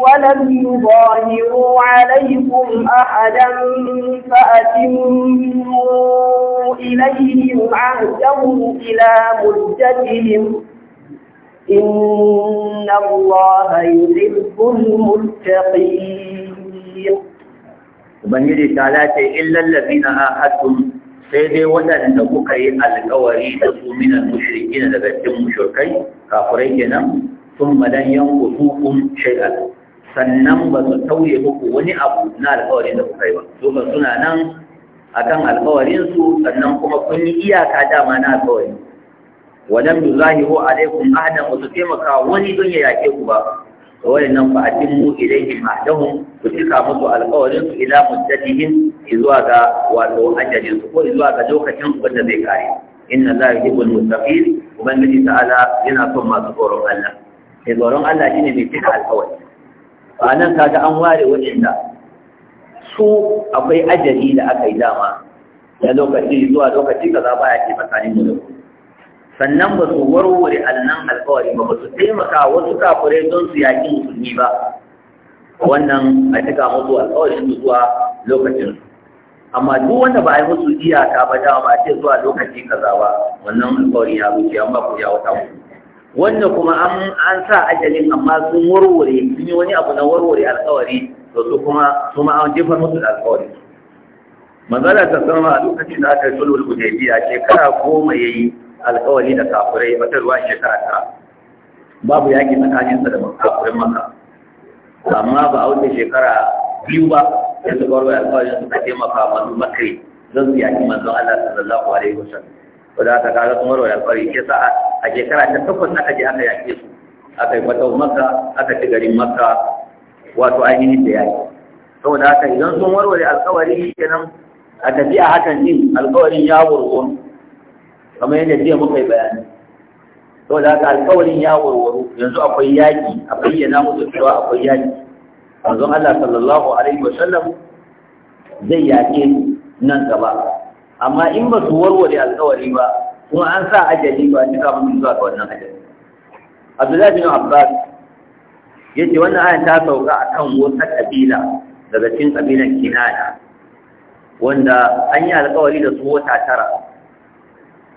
S2: ولم يظاهروا عليكم أحدا فأتموا إليهم عهدهم إلى مدتهم
S1: إن الله يحب المتقين ubangiji ta lace illal ladina ahadtum sai dai waɗanda kuka yi alƙawari da su minan da daga cikin mushrikai kafirai kenan sun madan yanku hukum shay'an sannan ba su tauye muku wani abu na alƙawarin da kuka yi ba su ba suna nan akan alƙawarin su sannan kuma kun yi iyaka dama na alƙawari walam zahiru alaikum ahadan wa su taimaka wani don ya yake ku ba wayannan fa atimmu ilayhim ahdahum ku cika musu alƙawarin su ila muddatihim zuwa ga wato ajalin su ko zuwa ga lokacin wanda zai kare In na inna la yuhibbul muttaqin ubangiji ta'ala yana son masu tsoron Allah sai tsoron Allah ne mai cika alƙawari a nan kaga an ware wa'inda su akwai ajali da aka yi dama da lokaci zuwa lokaci kaza baya ce tsakanin mu da ku sannan ba su warware alnan alkawari ba ba su taimaka wasu kafure don su yaƙi musulmi ba wannan a cika musu alkawarin su zuwa lokacin amma duk wanda ba a yi musu iyaka ba dama ba ce zuwa lokaci kaza ba wannan alkawari ya wuce amma ku ya wata ku. wanda kuma an sa ajalin amma sun warware sun yi wani abu na warware alkawari to su kuma su ma an jefar musu da alkawari manzala ta sama a lokacin da aka yi sulhul hudaybiya shekara goma ya yi. alƙawari da kafirai wata ruwa shekara ta babu yaƙi tsakaninsa da kafirin maka amma ba a wuce shekara biyu ba ya suka warware alƙawarin suka taimaka masu makare zan su yaƙi manzon Allah sallallahu alaihi wa sallam wanda aka kaga sun warware alƙawari ke sa a shekara ta takwas aka je aka yaƙe su aka yi fatau maka aka ci garin maka wato ainihin da yaƙi saboda haka idan sun warware alkawari kenan a tafiya hakan din alƙawarin ya wurwuru kamar yadda jiya muka yi bayani to da haka alƙawarin ya warwaro yanzu akwai yaki. a bayyana musu cewa akwai yaƙi manzon Allah sallallahu alaihi wasallam zai yake nan gaba amma in ba su warware alƙawari ba kuma an sa ajali ba ni kafin zuwa ga wannan ajali Abdullahi bin Abbas yace wannan ayan ta sauka akan wata kabila daga cikin kabilan Kinana wanda an yi alƙawari da su wata tara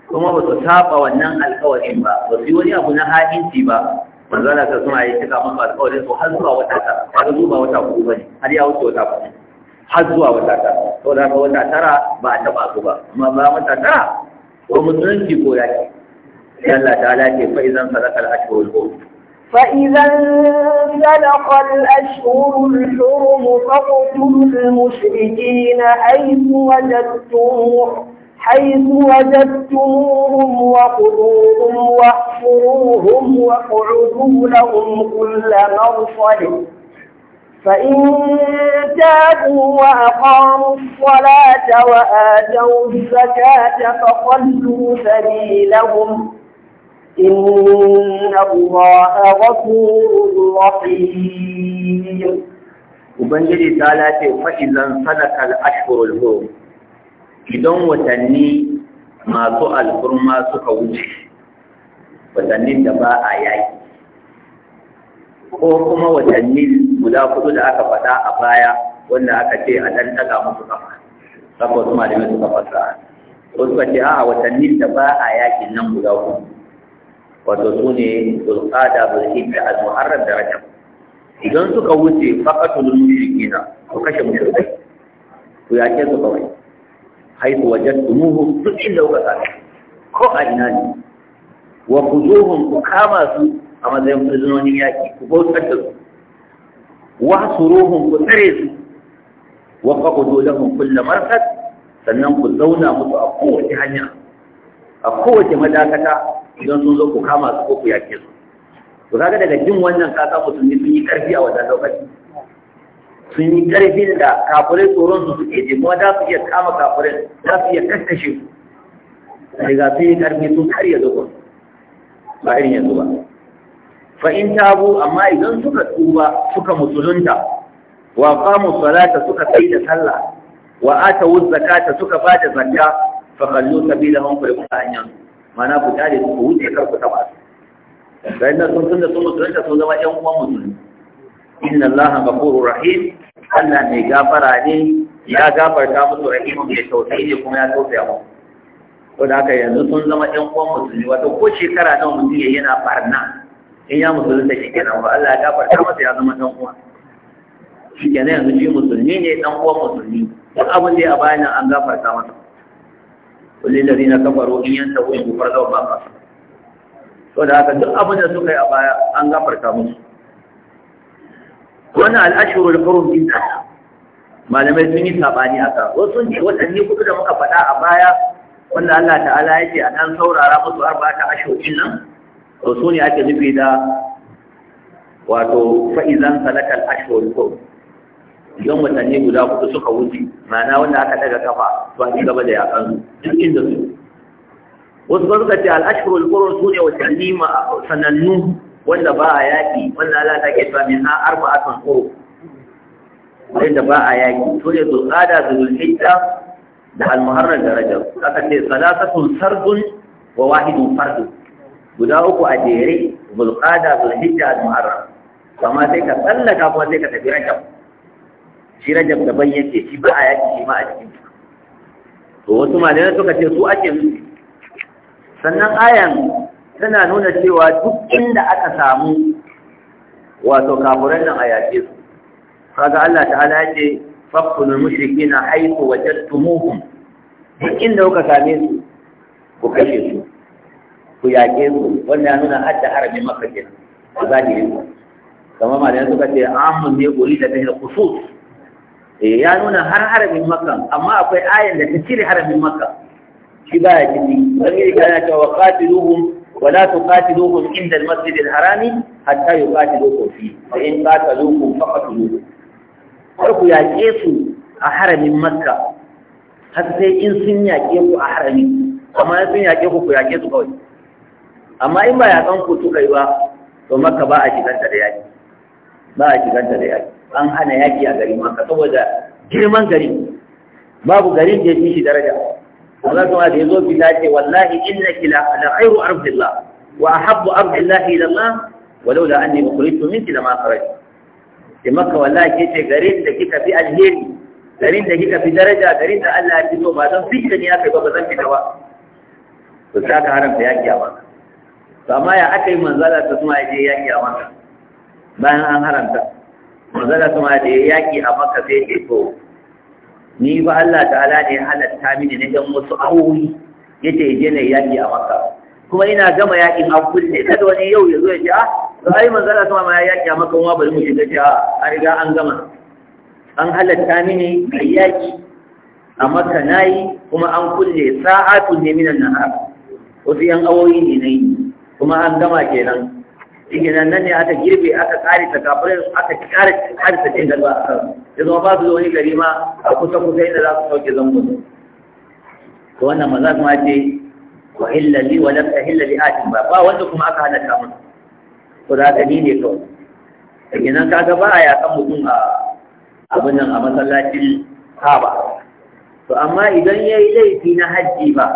S1: kuma ba su saba wannan alkawarin ba ba su yi wani abu na ha'inci ba manzo ta suna yi cika masa alkawarin su har zuwa wata tara har zuwa wata kuɗu ba ne har ya wuce wata uku har zuwa wata tara to da ka wata tara ba a taɓa su ba amma ba wata tara ko musulunci ko yaki yalla Allah ta lafiya fa idan sadaka al-ashhurul hurum
S2: فإذا انسلق الأشهر الحرم فاقتلوا المشركين حيث وجدتموه حيث وجدتموهم وخذوهم واحفروهم واقعدوا لهم كل مرصد فإن تابوا وأقاموا الصلاة وآتوا الزكاة فخلوا سبيلهم إن
S1: الله غفور رحيم وبنجلي تعالى فإذا انسلك الأشهر الهوم idan watanni masu alfurma suka wuce watannin da ba a yaki ko kuma watanni guda kudu da aka faɗa a baya wanda aka ce a ɗan ɗaga musu kafa saboda wasu malamai suka fasa ko suka ce a watanni da ba a yakin nan guda kudu wato su ne zulƙada zulhijja al-muharram da rajab idan suka wuce faqatul mushrikina ko kashe mushrikai ku yake su kawai haifu wajen tumuhu duk inda kuka sami ko a ina ne wa ku zuhun ku kama su a matsayin prisonin yaƙi ku bautar da su wa su ruhun ku tsare su wa kwakwado lahun kulla markas sannan ku zauna musu a kowace hanya a kowace madakata idan sun zo ku kama su ko ku yaƙe su to kaga daga jin wannan kasa musulmi sun yi ƙarfi a wannan lokaci sun yi ƙarfin da kafirai tsoron su suke je kuma za su iya kama kafirai za su iya kakkashe su daga sun yi ƙarfi sun karya yanzu ba irin yanzu ba fa in bu amma idan suka tuba suka musulunta wa qamu salata suka kai da sallah wa atawu zakata suka ba da zakka fa kallu sabilahum fil qur'an mana ku tare ku wuce kar ku ba sai na sun da sun musulunta sun zama ƴan uwan musulmi inna allaha ghafurur rahim Allah ne gafara ne ya gafarta musu rahimun mai tausayi ne kuma ya tausaya mu ko da haka yanzu sun zama ɗan uwan musulmi wato ko shekara nawa mutum ya yana barna in ya da shi kenan ba Allah ya gafarta masa ya zama ɗan uwa shi kenan yanzu shi musulmi ne ɗan uwan musulmi duk abin da ya bayyana an gafarta masa kulli ladina kafaru in yantahu yufarzu ba ba to da haka duk abin da suka yi a baya an gafarta musu wannan al'ashirul hurum din malamai sun yi sabani a kan wasu sun ce watanni kudu da muka faɗa a baya wanda Allah ta'ala ya ce a nan saurara musu arba ta ashirin nan Wasu su ne ake nufi da wato fa'izan salakal ashirin hurum idan watanni guda kudu suka wuce ma'ana wanda aka daga kafa ba su gaba da yakan su duk inda su wasu ba suka ce al'ashirul hurum su ne watanni sanannu wanda ba a yaƙi wanda Allah ta ke cewa arba a kan ƙoro wanda ba a yaƙi to ne zulqada zulhijja da al-muharram da rajab aka ce salatatun sardun wa wahidun fardun guda uku a jere zulhada zulhijja al-muharram amma sai ka tsallaka kuma sai ka tafi rajab shi rajab daban yake shi ba a yaƙi shi ma a cikin to wasu malamai suka ce su ake nufi sannan ayan tana nuna cewa duk inda aka samu wato kafuran nan a yaƙe su kaga Allah ta'ala ya ce na mushrikina haythu wajadtumuhum duk inda kuka same su ku kashe su ku yaƙe su wannan ya nuna hadda haramin makka kenan a ku kamar malamai suka ce amun ne guri da tahir khusus eh, ya nuna har haramin maka, amma akwai ayan da ta cire haramin maka. shi ba ya ciki wani ya kana cewa qatiluhum ولا تقاتلوهم عند المسجد الحرام حتى يقاتلوكم فيه فإن قاتلوكم فقتلوهم
S2: farku yaƙe su
S1: a haramin makka har in sun yaƙe ku a harami amma in sun yaƙe ku ku yaƙe su kawai amma in ba yaƙan ku suka yi ba to makka ba a shiganta da yaƙi ba a shiganta da yaƙi an hana yaƙi a garin makka saboda girman garin babu garin da ya fi shi daraja Allah kuma da yazo bi ce wallahi innaki la la khairu abdillah wa ahabbu abdillah ila Allah walau la anni ukhrijtu minki lama kharajtu sai maka wallahi ke ce garin da kika fi alheri garin da kika fi daraja garin da Allah ya fito ba zan fita ne aka ba ba zan fita ba to za ka haramta yaki a maka to amma ya aka yi manzala ta kuma a maka bayan an haramta manzala kuma da yaki a maka sai ke ni ba Allah ta'ala ne halatta mini na ɗan wasu awowi yace je ne yaki a maka kuma ina gama yaƙin an kulle kada wani yau ya zo ya ce ah to ai manzala kama ma ya yaki a maka kuma bari mu shiga ce a ah, riga an gama an halatta mini a yaki a maka nayi kuma an kulle sa'atu ne minan nahar wasu yan awowi ne na yi kuma an gama kenan shi nan ne aka girbe aka kare ta kafirai aka kare kare ta cin galba a kan ya ba su da wani gari ma a kusa kusa inda za su sauke zangon to wannan maza kuma ce wa illa li wa lam tahilla atin ba ba wanda kuma aka halaka mun Ko za ka ni ne kawai nan kaga ba a yakan mutum a abin nan a masallacin Kaaba to amma idan ya yi laifi na hajji ba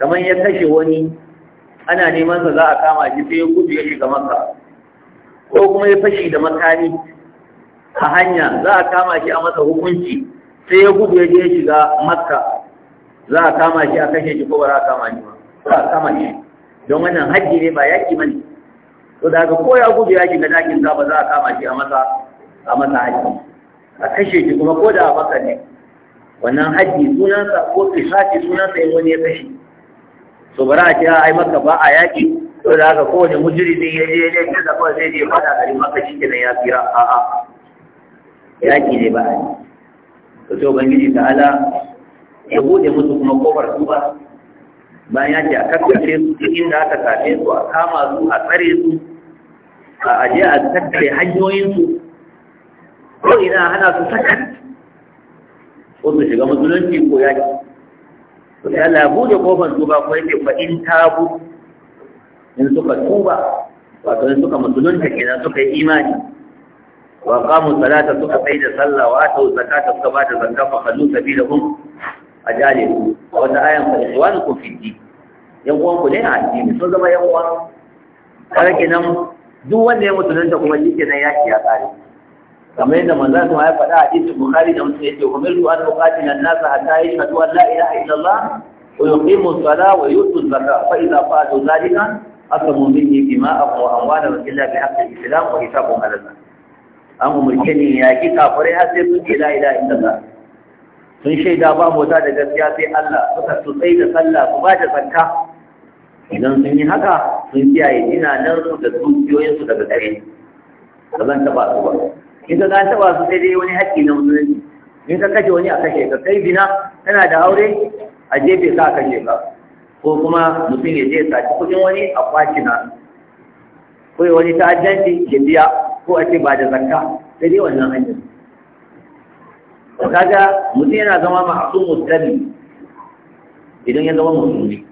S1: kamar ya kashe wani ana neman sa za a kama shi sai ya gudu ya shiga maka ko kuma ya fashi da makami a hanya za a kama shi a masa hukunci sai ya gudu ya je ya shiga makka za a kama shi a kashe shi ko ba za a kama shi ba za a kama shi don wannan hajji ne ba yaƙi ba ne to da haka ko ya gudu ya shiga dakin za ba za a kama shi a masa a masa hajji a kashe shi kuma ko da a maka ne wannan hajji sunansa ko kishaci sunansa in wani ya kashe to bari a ce ai maka ba a yaki to da haka kowane ne ya je ne da kawai zai je fada garin maka shi kenan ya fira a a yaki ne ba a yi to sai ta ta'ala ya bude musu kuma kofar tuba bayan ya ce a kakkace su duk inda aka kafe su a kama su a tsare su a aje a tattare hanyoyinsu ko ina hana su sakar ko su shiga musulunci ko yaki to sai Allah bude kofar tuba ko yake fa in tabu in suka tuba wato in suka musulunta kenan suka yi imani wa qamu salata suka sai da sallah wa atu zakata suka ba da zakka fa kallu sabilahum wa wata ayan fa ikhwanukum fi din yan uwan ku ne a addini sun zama yan uwan kare kenan duk wanda ya musulunta kuma shi kenan yaki ya kare kamar yadda manzo sun ya faɗa a cikin bukhari da muslim yake umiru an uqatila an-nas hatta yashhadu an la ilaha illallah wa yuqimu as-salata wa yutu az-zakata fa idza fa'alu dhalika asamu minni dima'ahum wa amwalahum illa bi haqqi al-islam wa hisabu al Allah an umurce ni ya ki kafirai har sai sun ce la ilaha illallah sun shaida ba mota da gaskiya sai Allah suka tsotsai da sallah su ba da zakka idan sun yi haka sun kiyaye su da su daga gare ba zan taɓa su ba in ka gan taba su sai dai wani haƙƙi na musulunci in ka kashe wani a kashe ka kai bina tana da aure a jefe ka a kashe ka ko kuma mutum ya je sa kuɗin wani a kwaci na ko wani ta'addanci ya biya ko a ce ba da zakka sai dai wannan hanyar kaga mutum yana zama masu dami idan ya zama musulmi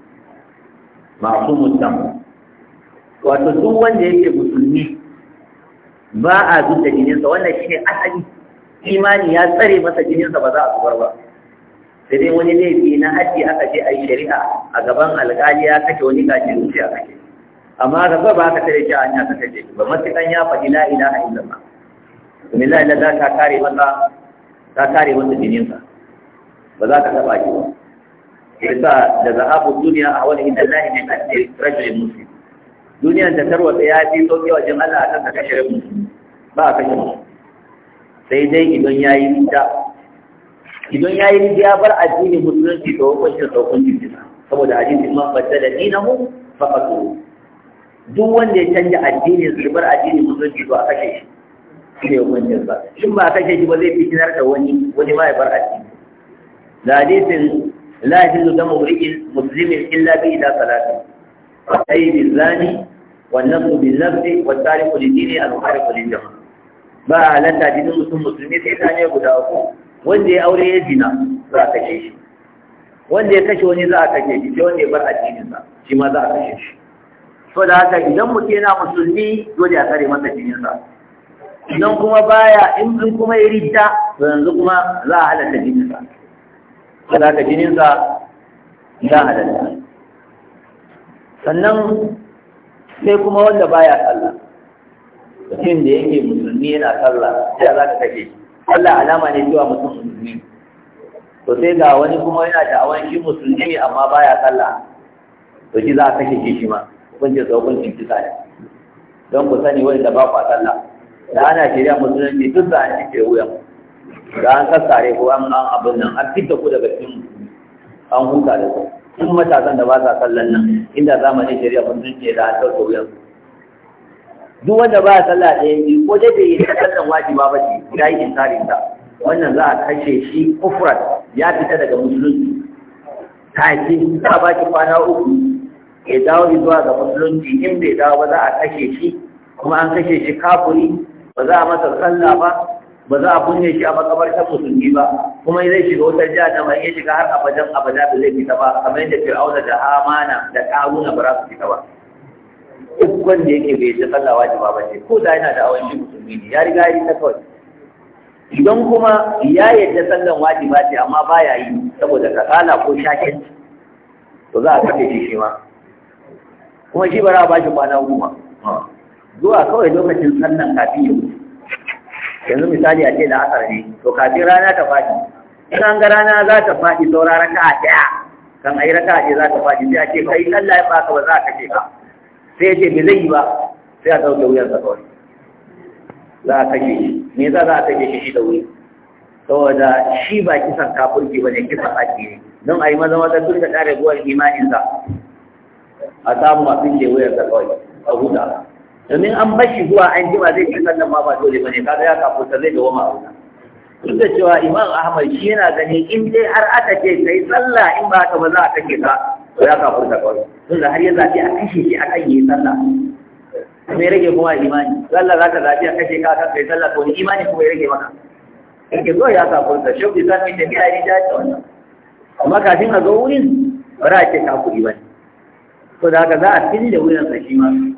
S1: ma'asumus dam wato duk wanda yake musulmi ba a da jininsa wannan shi ne asali imani ya tsare masa jininsa ba za a zubar ba sai dai wani laifi na haji aka je a yi shari'a a gaban alƙali ya kashe wani gashi rufe a kashe amma gaba ba ka tare shi a hanya ka kashe ba matukan ya faɗi la ilaha illallah domin la ilaha ta kare masa ta kare masa jininsa ba za ka taɓa shi ba yasa da zahabu duniya a wani inda lahi ne a rajulin muslim duniyan ta tarwatsa ya fi sauƙi wajen Allah a kan kashe mu ba a kashe mu sai dai idan ya yi rida idan ya yi rida ya bar addini musulunci da hukuncin saukuncin jina saboda hadisi man da mu dinahu faqatu duk wanda ya canja addini su bar addini musulunci to a kashe shi ne hukuncin ba shin ba a kashe shi ba zai fitinar da wani wani ma ya bar addini da hadisin la yahillu damu ri'in muslimin illa bi ila salatin wa ayi bizani Wannan tsari والنص بالنفس والتارك للدين المحارب للجمع ba lan da dinin mutum musulmi sai ta ne guda uku wanda ya aure ya zina za a kashe shi wanda ya kashe wani za a kashe shi sai wanda ya bar addinin sa shi ma za a kashe shi so da haka idan mutum yana musulmi dole a kare masa jinin sa idan kuma baya in kuma ya ridda to yanzu kuma za a halatta jinin sa so da haka jinin sa za a halatta sannan sai kuma wanda baya sallah mutum da yake musulmi yana sallah sai za ka kashe Allah alama ne cewa mutum musulmi to sai ga wani kuma yana da awan shi musulmi ne amma baya sallah to shi za a kashe shi shi ma hukuncin sa hukuncin kisa ne don ku sani wani da ba kwa sallah da ana shirya musulmi duk da an ke wuyan da an sassare ko an abin nan an fitta ku daga cikin an huta da su in matasan da ba sa sallan nan inda zamanin shari'a musulunci da an ɗauke wuyan duk wanda ba sallah ɗaya biyu ko dai bai yi sallan wajiba ba ce ya yi insarin ta wannan za a kashe shi kufrat ya fita daga musulunci ta za ba ki kwana uku ya dawo zuwa ga musulunci in bai dawo ba za a kashe shi kuma an kashe shi kafuri ba za a masa sallah ba ba za a kunye shi a makabartar musulmi ba kuma zai shiga wutar jahannama ya shiga har abadan abada da zai fita ba kamar yadda fir'auna da hamana da karuna ba za su fita ba duk da yake bai ta sallah wajiba ba ce ko da yana da awon shi musulmi ne ya riga yi ta kawai idan kuma ya yadda sallan wajiba ce amma ba ya yi saboda kasala ko shakin to za a kafe shi shi ma kuma shi ba bara ba shi kwana goma zuwa kawai lokacin sallan kafin ya mutu yanzu misali a ce da asar ne to kafin rana ta faɗi in an ga rana za ta faɗi saura a ɗaya kan ai raka'a ce za ta faɗi sai a ce kai Allah ya baka ba za ka ce ka sai ya ce bai zai yi ba sai a ɗauke wuyan sa kawai za a kashe shi me za za a kashe shi da wuri saboda shi ba kisan kafurki ba ne kisan ake ne don a yi maza maza tun da ƙara buwar imaninsa a samu a fice wuyan sa kawai a huta domin an bashi zuwa an jima zai ci sallan ma ba dole bane kaga ya kafo ta zai ga a wuta duk da cewa imam ahmad shi yana gani in dai har aka ce kai sallah in ba haka ba za a kake ka to ya kafo ta kawai da har ya zafi a kashe shi kan yi sallah mai rage kuma imani sallah za ka zafi a kashe ka akan kai sallah to ni imani kuma ya rage maka ke zo ya kafo ta shi bi san ta biya ya ja ta wannan amma kafin a zo wurin ba za a ce ka kuɗi ba ne to da haka za a fili da wurin sa shi ma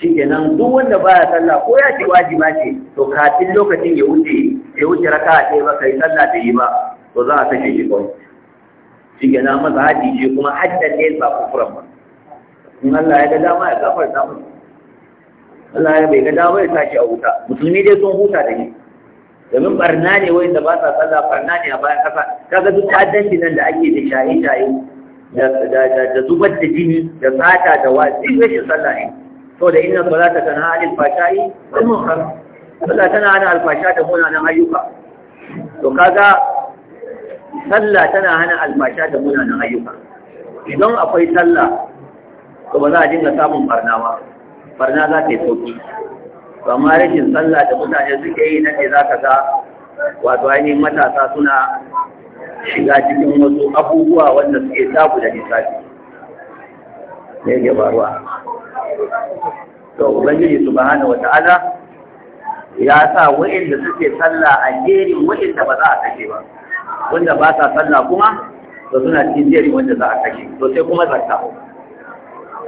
S1: shi kenan duk wanda baya sallah ko ya ce wajiba ce to kafin lokacin ya wuce ya wuce raka ɗaya ba kai sallah da yi ba to za a kashe shi kawai shi kenan masa haji shi kuma haddan ne ba kufuran ba in Allah ya ga dama ya gafarta mu Allah ya bai ga dama ya tashi a wuta musulmi dai sun huta da ni domin barna ne wai da ba sa sallah barna ne a bayan kasa kaga duk ta'addanci nan da ake da shaye-shaye da zubar da jini da sata da wasu rashin sallah ne da inna salata tana anil fashai wal munkar sallah tana hana alfasha da munanan ayyuka to kaga sallah tana hana alfasha da munanan ayyuka idan akwai sallah to ba za a dinga samun barna ba barna za ta yi sauki to amma rashin sallah da mutane suke yi nan ne za ka ga wato ainihin matasa suna shiga cikin wasu abubuwa wanda suke sabu da lissafi ne ke faruwa to ubangiji subhanahu wata'ala ya sa wa'inda suke sallah a jerin wa'inda ba za a kashe ba wanda ba sa sallah kuma to suna cikin jeri wanda za a kashe to sai kuma zakka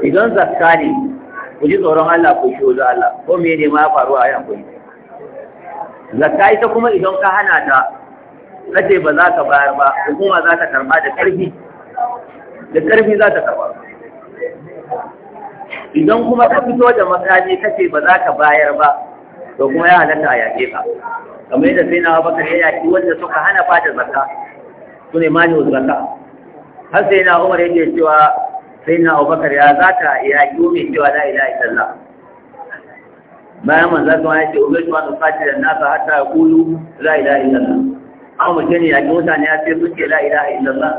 S1: idan zakka ne ku ji tsoron Allah ku shi wuzu Allah ko me ne ma ya faru a yan kuyi zakka ita kuma idan ka hana ta kace ba za ka bayar ba hukuma za ta karba da karfi da karfi za ta karba idan kuma ka fito da makami kace ba za ka bayar ba to kuma ya halatta a yaƙe ka kamar yadda sai na bakar ya yaƙi wanda suka hana fata zakka su ne mani zakka har sai na umar yake cewa sai na abubakar ya za ka yaƙi mai cewa la ilaha illallah bayan manzo kuma ya ce umar kuma nufati da nasa hatta ya kulu la ilaha illallah amma mutum ya yaƙi mutane ya ce suke la ilaha illallah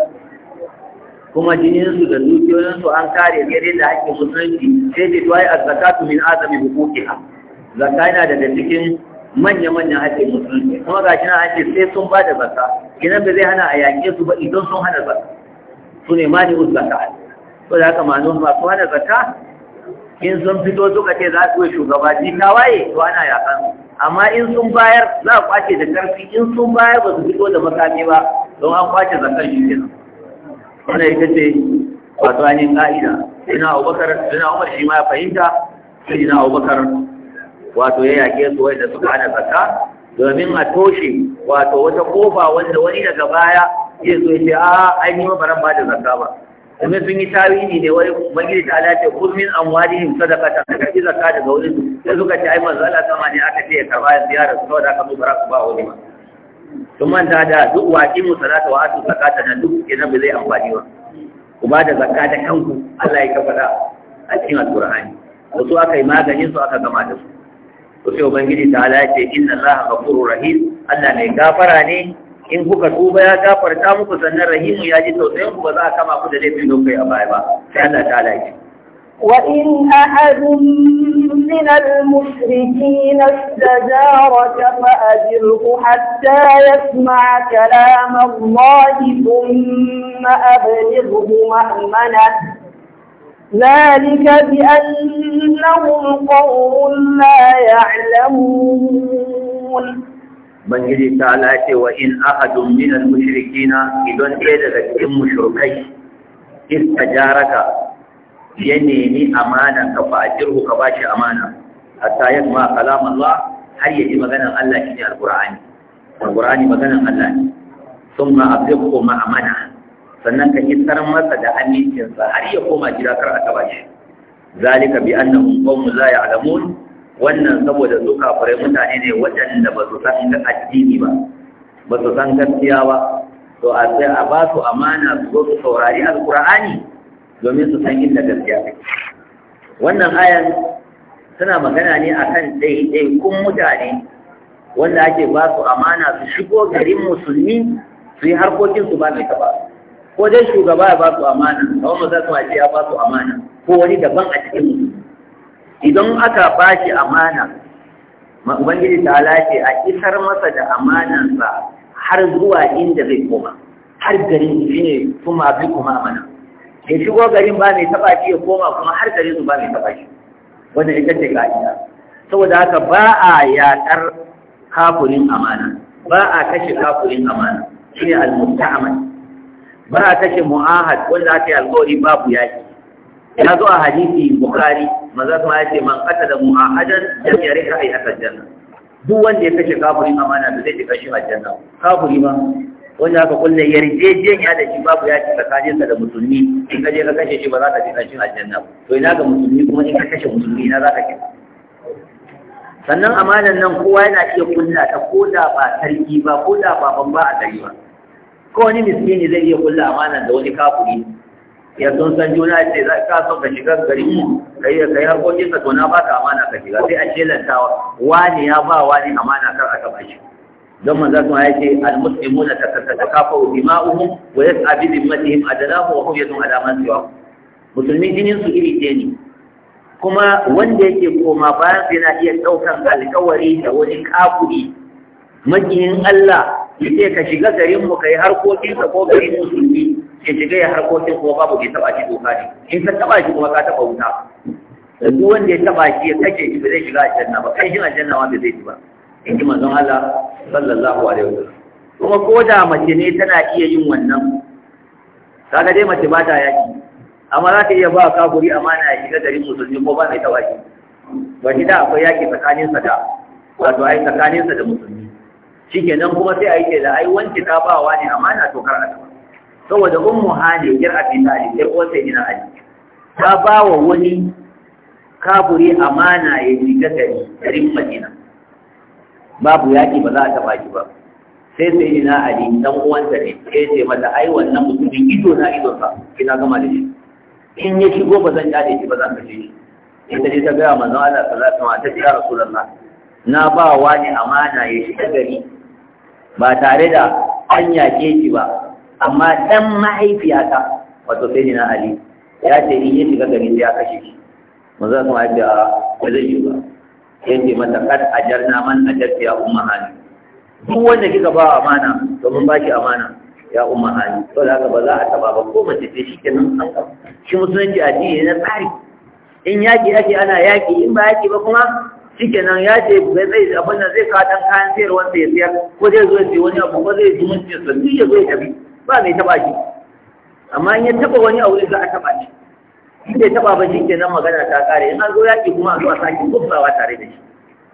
S1: kuma jininsu da dukiyoyinsu an kare gare da ake musulunci sai ce to a zakatu min azami huquqiha zakka yana daga cikin manya-manyan ake musulunci kuma ga shina ake sai sun ba da zaka kina ba zai hana a yaƙe su ba idan sun hana zaka su ne mani uzzaka to da haka ba su hana zaka? in sun fito suka ce za su yi shugaba ji waye to ana yaƙan amma in sun bayar za a kwace da ƙarfi in sun bayar ba su fito da makami ba don an kwace zakkan shi kenan wanda ita ce wato ainihin ƙa'ida ina abubakar suna umar shi ma ya fahimta sai na abubakar wato ya yaƙe su wanda suka hana zakka domin a toshe wato wata kofa wanda wani daga baya zai zo ya ce a an yi mabaran ba da zakka ba domin sun yi tarihi ne wani magiri ta ala ce kurmin amwalihim sadaka ta ƙi zakka daga wani sai suka ce ai manzo Allah sama ne aka ce ya karɓa ya ziyara saboda aka zo bara ku ba wani ba sun manta da duk waƙi mu sanata wa asu zakata na duk ke nabi zai amfani ba ku ba da zakka kanku Allah ya kafaɗa a cikin alƙur'ani wasu aka yi maganin su aka gama da su to sai ubangiji ta ala ce inna Allah ghafurur rahim Allah mai gafara ne in kuka tuba ya gafarta muku sannan rahimu ya ji tausayin ku ba za a kama ku da laifin da a baya ba sai Allah ta ala ce
S2: وإن أحد من المشركين استجارك فأجره حتى يسمع كلام الله ثم أبلغه مأمنة ذلك بأنهم قوم لا يعلمون
S1: من يجي تعالى وإن أحد من المشركين إذا كان لك مشركين مشركي استجارك ya nemi amana ka fa ajirhu ka bashi amana hatta ya ma kalam Allah har ya ji maganar Allah shine alqur'ani alqur'ani maganar Allah ne thumma abdiqu ma amana sannan ka isar masa da amincinsa har ya koma gida kar aka bashi zalika bi annahum qaumun la ya'lamun wannan saboda su kafirai mutane ne waɗanda ba su san addini ba ba su san gaskiya ba to a sai a ba su amana su zo su saurari alqur'ani domin su san inda gaskiya wannan ayan tana magana ne akan kun mutane wanda ake ba su amana su shigo garin musulmi su yi harkokin su ba mai gaba ko dai shugaba ya ba su amana kawai maza su ce ya ba su amana ko wani daban a cikin musulmi idan aka ba shi amana ubangiji ta lace a isar masa da amanansa har zuwa inda zai koma har garin shi ne kuma bi kuma amana ya shigo garin ba mai taba shi ya koma kuma har gare su ba mai taba shi wannan ita ce ka'ida saboda haka ba a yaƙar kafurin amana ba a kashe kafurin amana shine al-musta'mal ba a kashe mu'ahad wanda aka yi alƙawari babu yaki ya zo a hadisi bukhari maza kuma ya ce man da mu'ahadan lam yarika ay asajanna duk wanda ya kashe kafurin amana da zai shiga shi aljanna kafuri ba wanda aka kulle yarjejeniya da shi babu ya ci tsakanin da musulmi in ka je ka kashe shi ba za ka ji kashin aljanna to ina ga musulmi kuma in ka kashe musulmi ina za ka ji sannan amanan nan kowa yana iya kulla ta ko da ba sarki ba ko da ba ban ba a gari ba ko wani miskini zai iya kulla amanan da wani kafuri ya sun san juna ce za ka so ka shiga gari mu kai ya kai harkokin ka to na ba ka amana ka shiga sai a shelanta wani ya ba wani amana kar aka bashi don manzo kuma yake almuslimuna tatakafaw kafa wa yas'a bi matihim adnahu wa hum yadun ala man siwa musulmi jinin su iri ɗaya ne kuma wanda yake koma bayan sai na iya ɗaukan alƙawari da wani kafuri makiyin Allah yace ka shiga garin mu kai harkokin ka ko garin musulmi ke shiga ya harkokin ko babu ke taba shi doka ne in ka taba shi kuma ka taba wuta duk wanda ya taba shi ya kake shi ba zai shiga aljanna ba kai shi aljanna wanda zai shi ba in ji manzon Allah sallallahu alaihi sallam kuma ko da mace ne tana iya yin wannan kaga dai mace ba ta yaki amma za ta iya ba kafuri amana ya shiga garin musulmi ko ba mai tawaki ba shi da akwai yaki tsakaninsa da wato ai tsakaninsa da musulmi shikenan kuma sai a yi da ai wanki ta ba wa ne amana to kar a saboda ummu hali yar abi talib sai ko sai ina ali ta ba wa wani kaburi amana ya shiga gari garin madina babu yaƙi ba za a taɓa ki ba sai sai ina ali dan uwansa ne sai sai mata ai wannan mutumin ido na ido sa kina gama da shi in ya shigo ba zan kyale shi ba zan kashe shi in ta shi ta gaya manzon Allah sallallahu alaihi wasallam ta ce ya rasulullah na ba wa ne amana ya shiga gari ba tare da an yaƙe shi ba amma dan mahaifiyata wato sai ni na ali ya ce in ya shiga gari sai ya kashe shi manzon Allah ya ce ba zai yi ba yake mata kad ajarna man ajarta ya umma hali duk wanda kika ba amana to mun ba shi amana ya umma hali to da haka ba za a taba ba ko mace ce shikenan an shi musulunci addini na tsari in yaki ake ana yaki in ba yaki ba kuma shikenan ya ce bai zai abin nan zai kawo dan kayan sayar wanda ya sayar ko zai zo ya sayi wani abu ko zai zumunci ya sanni ya zo ya tafi ba mai taba shi amma in ya taba wani aure za a taba shi in bai taba ba shi kenan magana ta kare in an zo yaki kuma a zuwa sake gubbawa tare da shi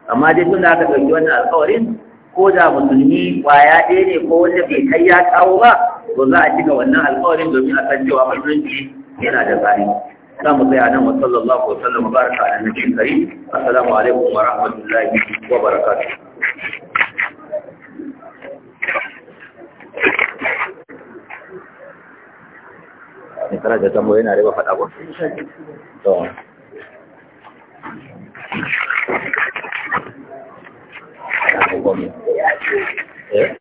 S1: amma dai tun da aka ɗauki wannan alƙawarin ko da musulmi kwaya ɗaya ne ko wanda bai kai ya kawo ba to za a cika wannan alƙawarin domin a san cewa musulunci yana da tsari za mu tsaya nan wa sallallahu wa sallam baraka a nabiyyin kari assalamu alaikum wa rahmatullahi wa barakatuh ne kana da tambaye yana riba faɗa ba to eh?